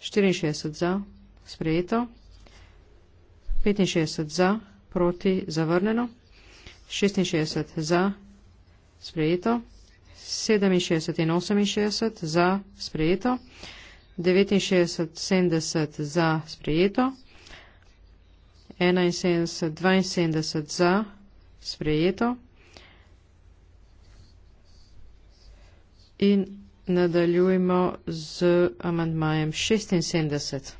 64 za sprejeto, 65 za sprejeto proti zavrnjeno, 66 za sprejeto, 67 in 68 za sprejeto, 69, 70 za sprejeto, 71, 72 za sprejeto in nadaljujemo z amandmajem 76.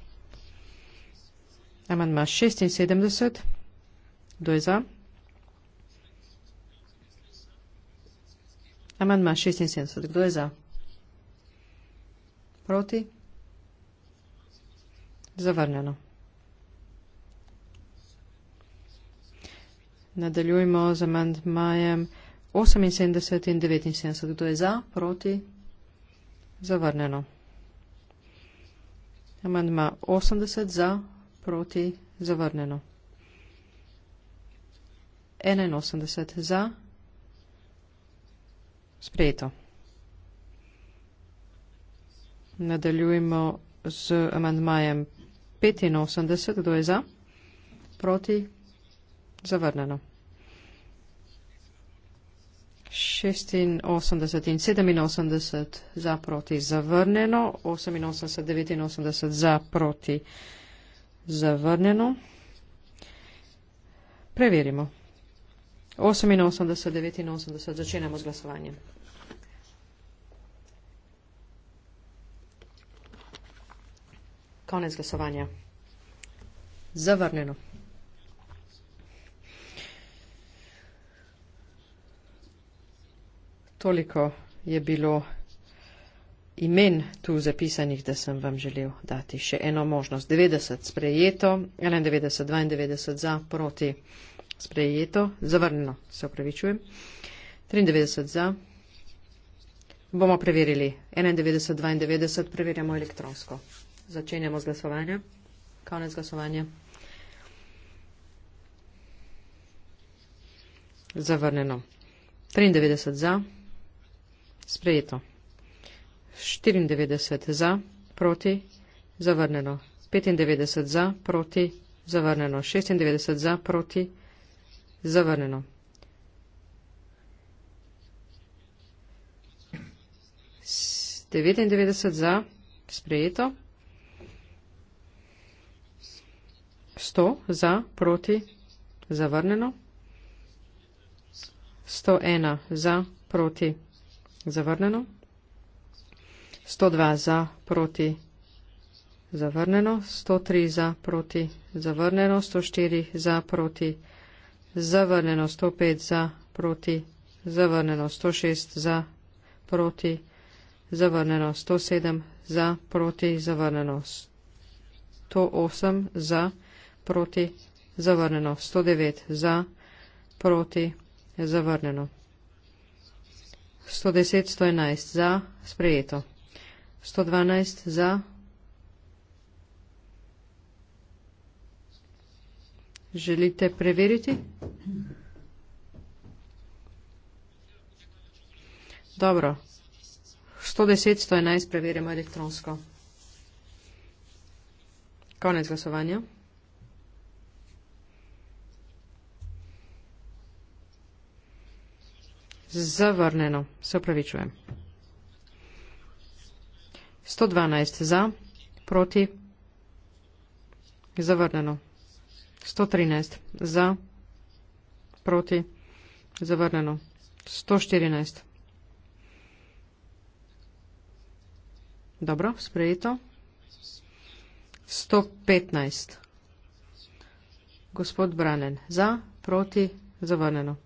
Amandma 76. 2 à. Amendement 670, 2 à. Proti. Zavrnjeno. Nadaljujemo z amendmajem 78 in 79. Kdo je za? Proti? Zavrnjeno. Amendma 80 za? Proti? Zavrnjeno. 81 za. Sprejeto. Nadaljujemo z amandmajem 85. Kdo je za? Proti? Zavrneno. 86 in 87 za proti zavrneno, 88, 89 za proti zavrneno. Preverimo. 88, 89, začenjamo z glasovanjem. Konec glasovanja. Zavrnjeno. Toliko je bilo imen tu zapisanih, da sem vam želel dati še eno možnost. 90 sprejeto, 91, 92 za, proti sprejeto, zavrnjeno, se upravičujem. 93 za. Bomo preverili. 91, 92, preverjamo elektronsko. Začenjamo z glasovanjem. Konec glasovanja. Zavrnjeno. 93 za. Sprejeto. 94 za, proti, zavrnjeno. 95 za, proti, zavrnjeno. 96 za, proti, zavrnjeno. Zavrneno. S 99 za, sprejeto. 100 za, proti, zavrneno. 101 za, proti, zavrneno. 102 za, proti, zavrneno. 103 za, proti, zavrneno. 104 za, proti, zavrneno zavrnjeno 105 za, proti, zavrnjeno 106 za, proti, zavrnjeno 107 za, proti, zavrnjeno 108 za, proti, zavrnjeno 109 za, proti, zavrnjeno 110, 111 za, sprejeto 112 za, Želite preveriti? Dobro. 110, 111 preverimo elektronsko. Konec glasovanja. Zavrneno. Se upravičujem. 112 za, proti, zavrneno. 113 za, proti, zavrnjeno. 114. Dobro, sprejeto. 115. Gospod Branen, za, proti, zavrnjeno.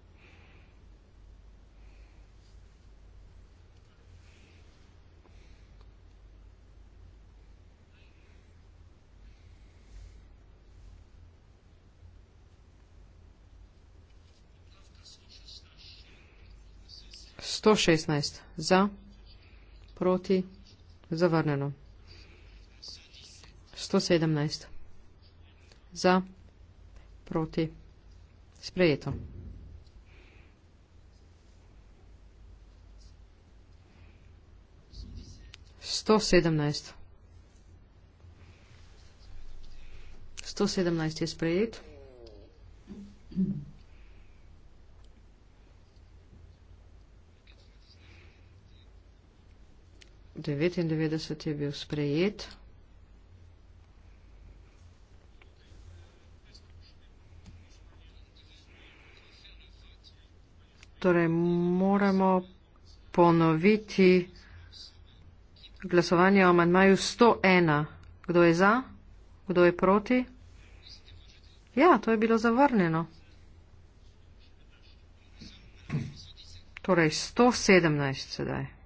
116 za, proti, zavrneno. 117 za, proti, sprejeto. Sto sedemnajst. Sto sedemnajst je sprejet. 1999 je bil sprejet. Torej moramo ponoviti glasovanje o manjmaju 101. Kdo je za? Kdo je proti? Ja, to je bilo zavrnjeno. Torej 117 sedaj.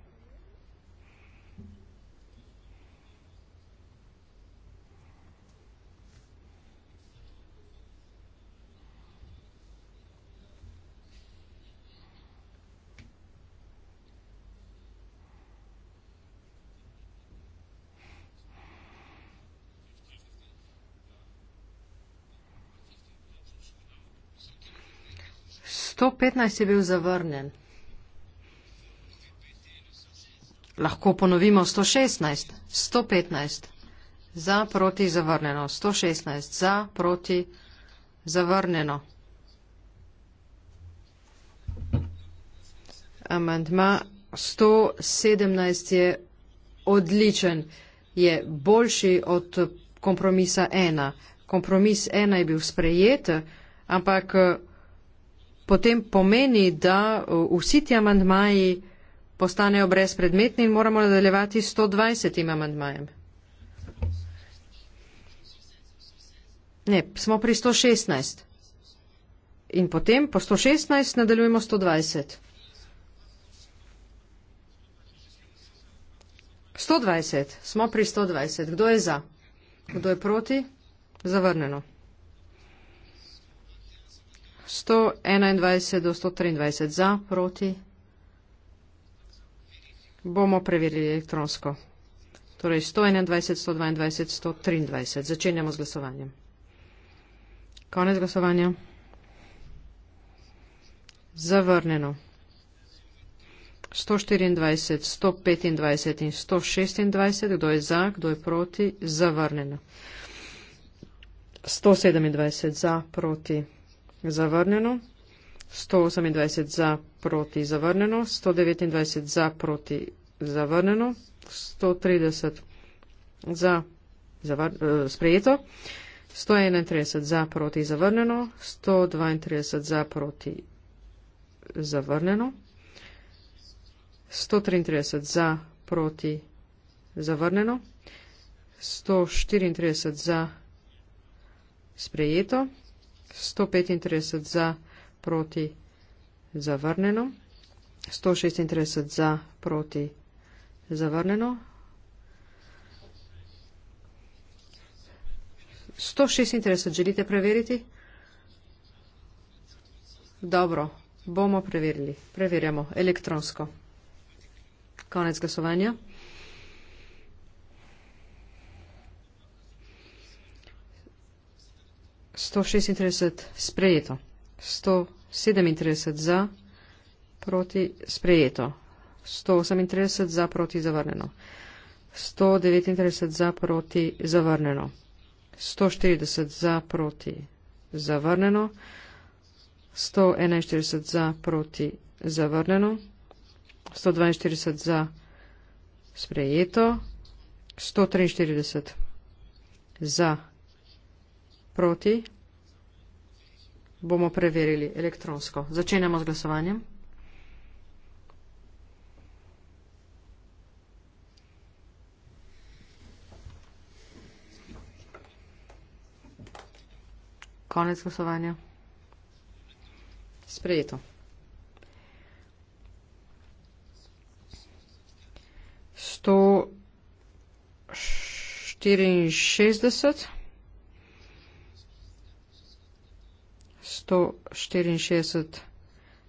15 je bil zavrnjen. Lahko ponovimo 116, 115, za, proti, zavrnjeno, 116, za, proti, zavrnjeno. Amandma 117 je odličen, je boljši od kompromisa 1. Kompromis 1 je bil sprejet, ampak potem pomeni, da uh, vsi ti amandmaji postanejo brezpredmetni in moramo nadaljevati s 120 amandmajem. Ne, smo pri 116. In potem po 116 nadaljujemo 120. 120. Smo pri 120. Kdo je za? Kdo je proti? Zavrneno. 121 do 123 za, proti. Bomo preverili elektronsko. Torej 121, 122, 123. Začenjamo z glasovanjem. Konec glasovanja. Zavrnjeno. 124, 125 in 126. Kdo je za, kdo je proti? Zavrnjeno. 127 za, proti zavrnjeno. 128 za proti zavrnjeno, 129 za proti zavrnjeno, 130 za zavr, eh, sprejeto, 131 za proti zavrnjeno, 132 za proti zavrnjeno, 133 za proti zavrnjeno, 134 za sprejeto. 135 za proti zavrneno, 136 za proti zavrneno, 136 želite preveriti? Dobro, bomo preverili. Preverjamo elektronsko. Konec glasovanja. 136 sprejeto, 137 za, proti sprejeto, 138 za, proti zavrneno, 139 za, proti zavrneno, 140 za, proti zavrneno, 141 za, proti zavrneno, 142 za, sprejeto, 143 za, Proti? Bomo preverili elektronsko. Začenjamo z glasovanjem. Konec glasovanja. Sprejeto. Sto štiriinšestdeset. 164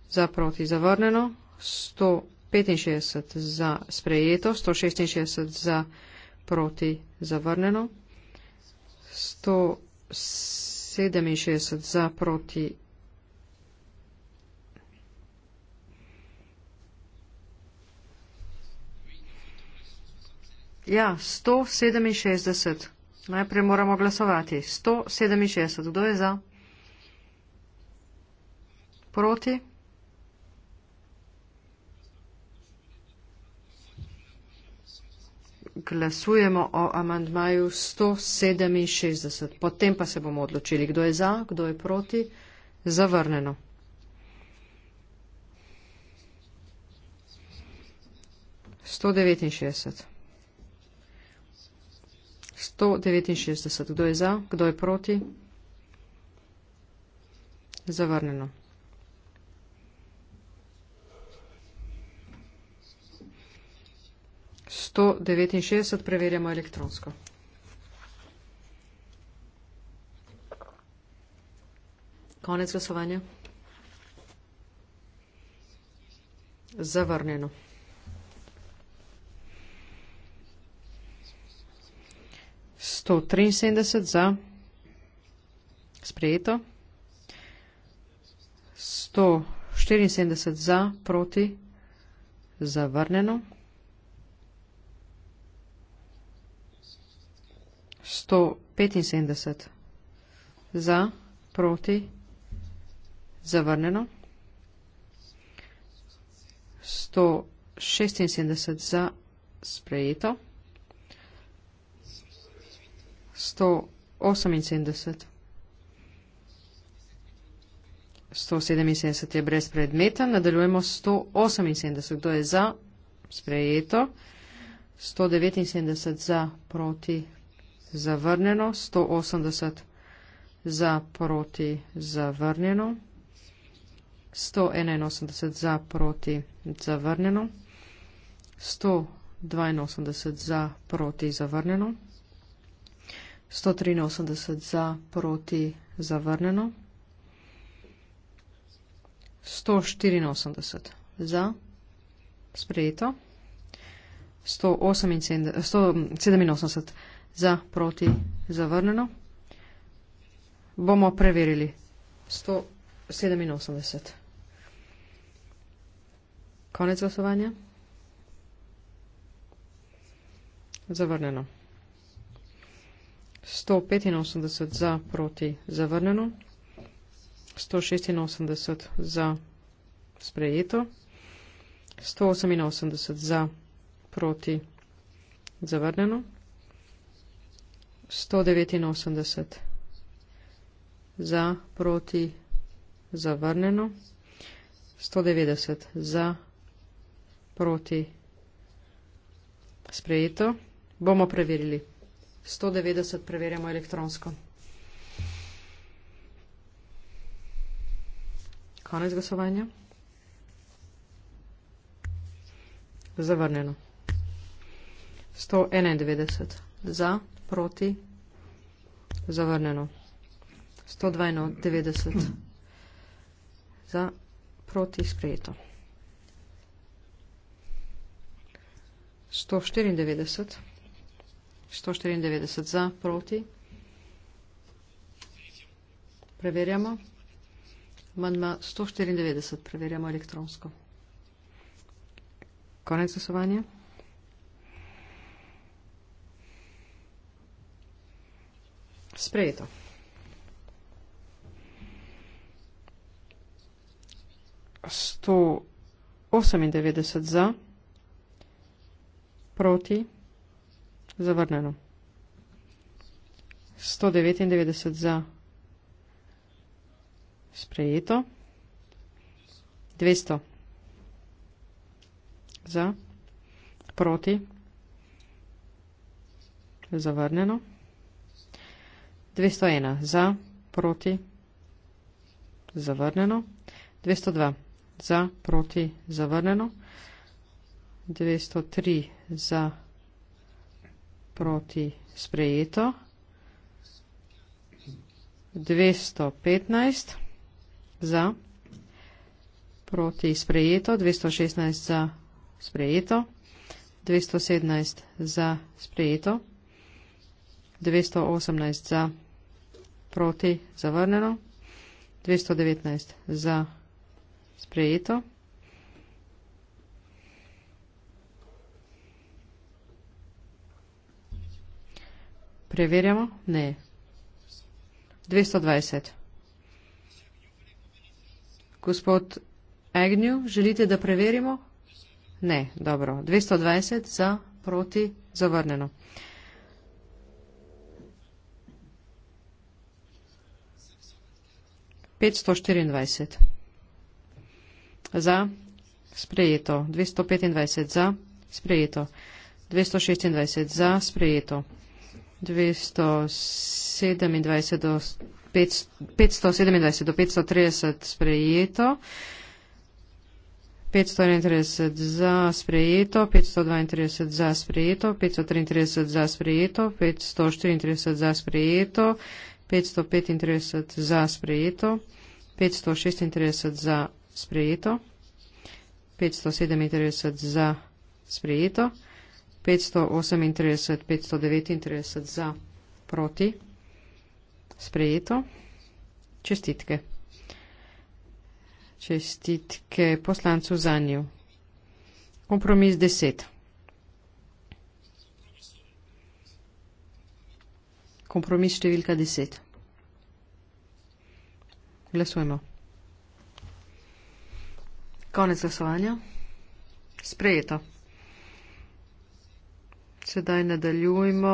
za proti zavrneno, 165 za sprejeto, 166 za proti zavrneno, 167 za proti. Ja, 167. Najprej moramo glasovati. 167. Kdo je za? Proti? Glasujemo o amandmaju 167. Potem pa se bomo odločili, kdo je za, kdo je proti. Zavrneno. Sto devetinšestdeset. Sto devetinšestdeset. Kdo je za? Kdo je proti? Zavrneno. 169 preverjamo elektronsko. Konec glasovanja. Zavrnjeno. Sto triinsedemdeset za sprejeto, sto štiriinsedemdeset za proti zavrnjeno. 175. Za, proti, zavrnjeno. 176 za sprejeto. 178. 177 je brez predmeta. Nadaljujemo 178. Kdo je za sprejeto? 179 za proti zavrnjeno, 180 za proti zavrnjeno, 181 za proti zavrnjeno, 182 za proti zavrnjeno, 183 za proti zavrnjeno, 184 za sprejeto, 187 za, proti, zavrneno. Bomo preverili. 187. Konec glasovanja. Zavrneno. 185 za, proti, zavrneno. 186 za, sprejeto. 188 za, proti, zavrneno. 189. Za, proti, zavrnjeno. 190. Za, proti, sprejeto. Bomo preverili. 190 preverjamo elektronsko. Konec glasovanja. Zavrnjeno. 191. Za proti. Zavrnjeno. 192 za proti sprejeto. 194. 194 za proti. Preverjamo. Manj ima 194. Preverjamo elektronsko. Konec glasovanja. Sprejeto. Sto osemindevetdeset za, proti, zavrnjeno. Sto devetindevetdeset za, sprejeto. Dvesto za, proti, zavrnjeno. 201 za, proti, zavrneno. 202 za, proti, zavrneno. 203 za, proti, sprejeto. 215 za, proti, sprejeto. 216 za, sprejeto. 217 za, sprejeto. 218 za, sprejeto proti zavrneno, 219 za sprejeto. Preverjamo? Ne. 220. Gospod Agnew, želite, da preverimo? Ne, dobro. 220 za proti zavrneno. 219. 524. Za. Sprejeto. 225. Za. Sprejeto. 226. Za. Sprejeto. 227 do 527 do 530 sprejeto, 531 za sprejeto, 532 za sprejeto, 533 za sprejeto, 534 za sprejeto, 535 za sprejeto, 536 za sprejeto, 537 za sprejeto, 538, 539 za proti sprejeto. Čestitke. Čestitke poslancu Zanju. Kompromis 10. kompromis številka 10. Glasujemo. Konec glasovanja. Sprejeto. Sedaj nadaljujemo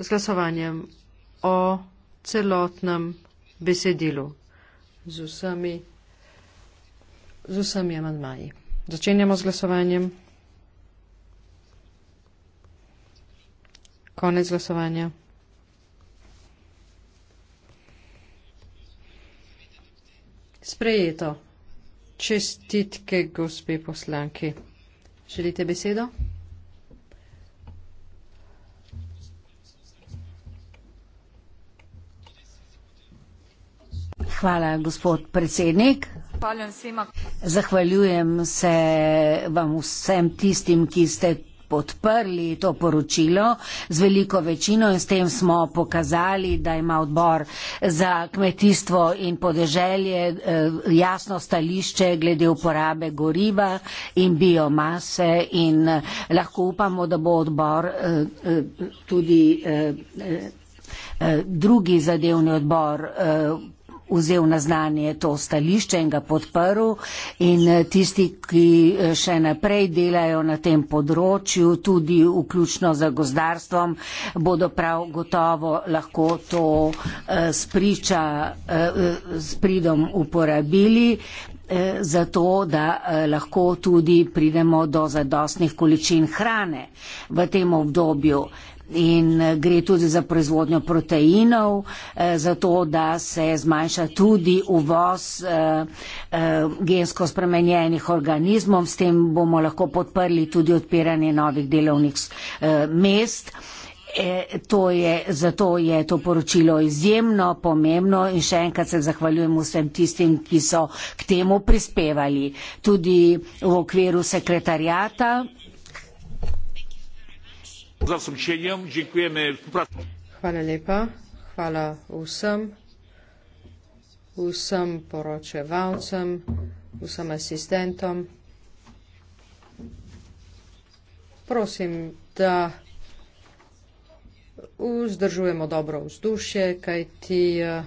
z glasovanjem o celotnem besedilu z vsemi, z vsemi amadmaji. Začenjamo z glasovanjem. Konec glasovanja. Sprejeto. Čestitke, gospe poslanki. Želite besedo? Hvala, gospod predsednik. Zahvaljujem se vam vsem tistim, ki ste podprli to poročilo z veliko večino in s tem smo pokazali, da ima odbor za kmetijstvo in podeželje eh, jasno stališče glede uporabe goriva in biomase in eh, lahko upamo, da bo odbor eh, tudi drugi zadevni odbor vzel na znanje to stališče in ga podprl in eh, tisti, ki eh, še naprej delajo na tem področju, tudi vključno za gozdarstvom, bodo prav gotovo lahko to eh, s, priča, s pridom uporabili zato da lahko tudi pridemo do zadostnih količin hrane v tem obdobju in eh, gre tudi za proizvodnjo proteinov, eh, zato da se zmanjša tudi uvoz eh, gensko spremenjenih organizmov, s tem bomo lahko podprli tudi odpiranje novih delovnih mest. E, to je, zato je to poročilo izjemno pomembno in še enkrat se zahvaljujem vsem tistim, ki so k temu prispevali. Tudi v okviru sekretarjata Hvala lepa. Hvala vsem, vsem poročevalcem, vsem asistentom. Prosim, da vzdržujemo dobro vzdušje, kaj ti eh,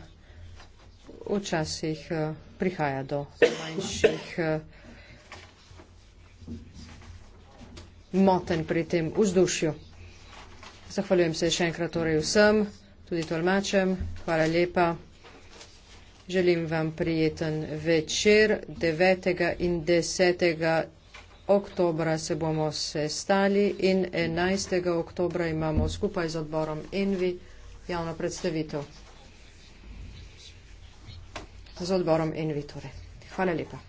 včasih eh, prihaja do manjših eh, moten pri tem vzdušju. Zahvaljujem se še enkrat torej vsem, tudi tolmačem. Hvala lepa. Želim vam prijeten večer. 9. in 10. oktobra se bomo sestali in 11. oktobra imamo skupaj z odborom Envi javno predstavitev. Z odborom Envi torej. Hvala lepa.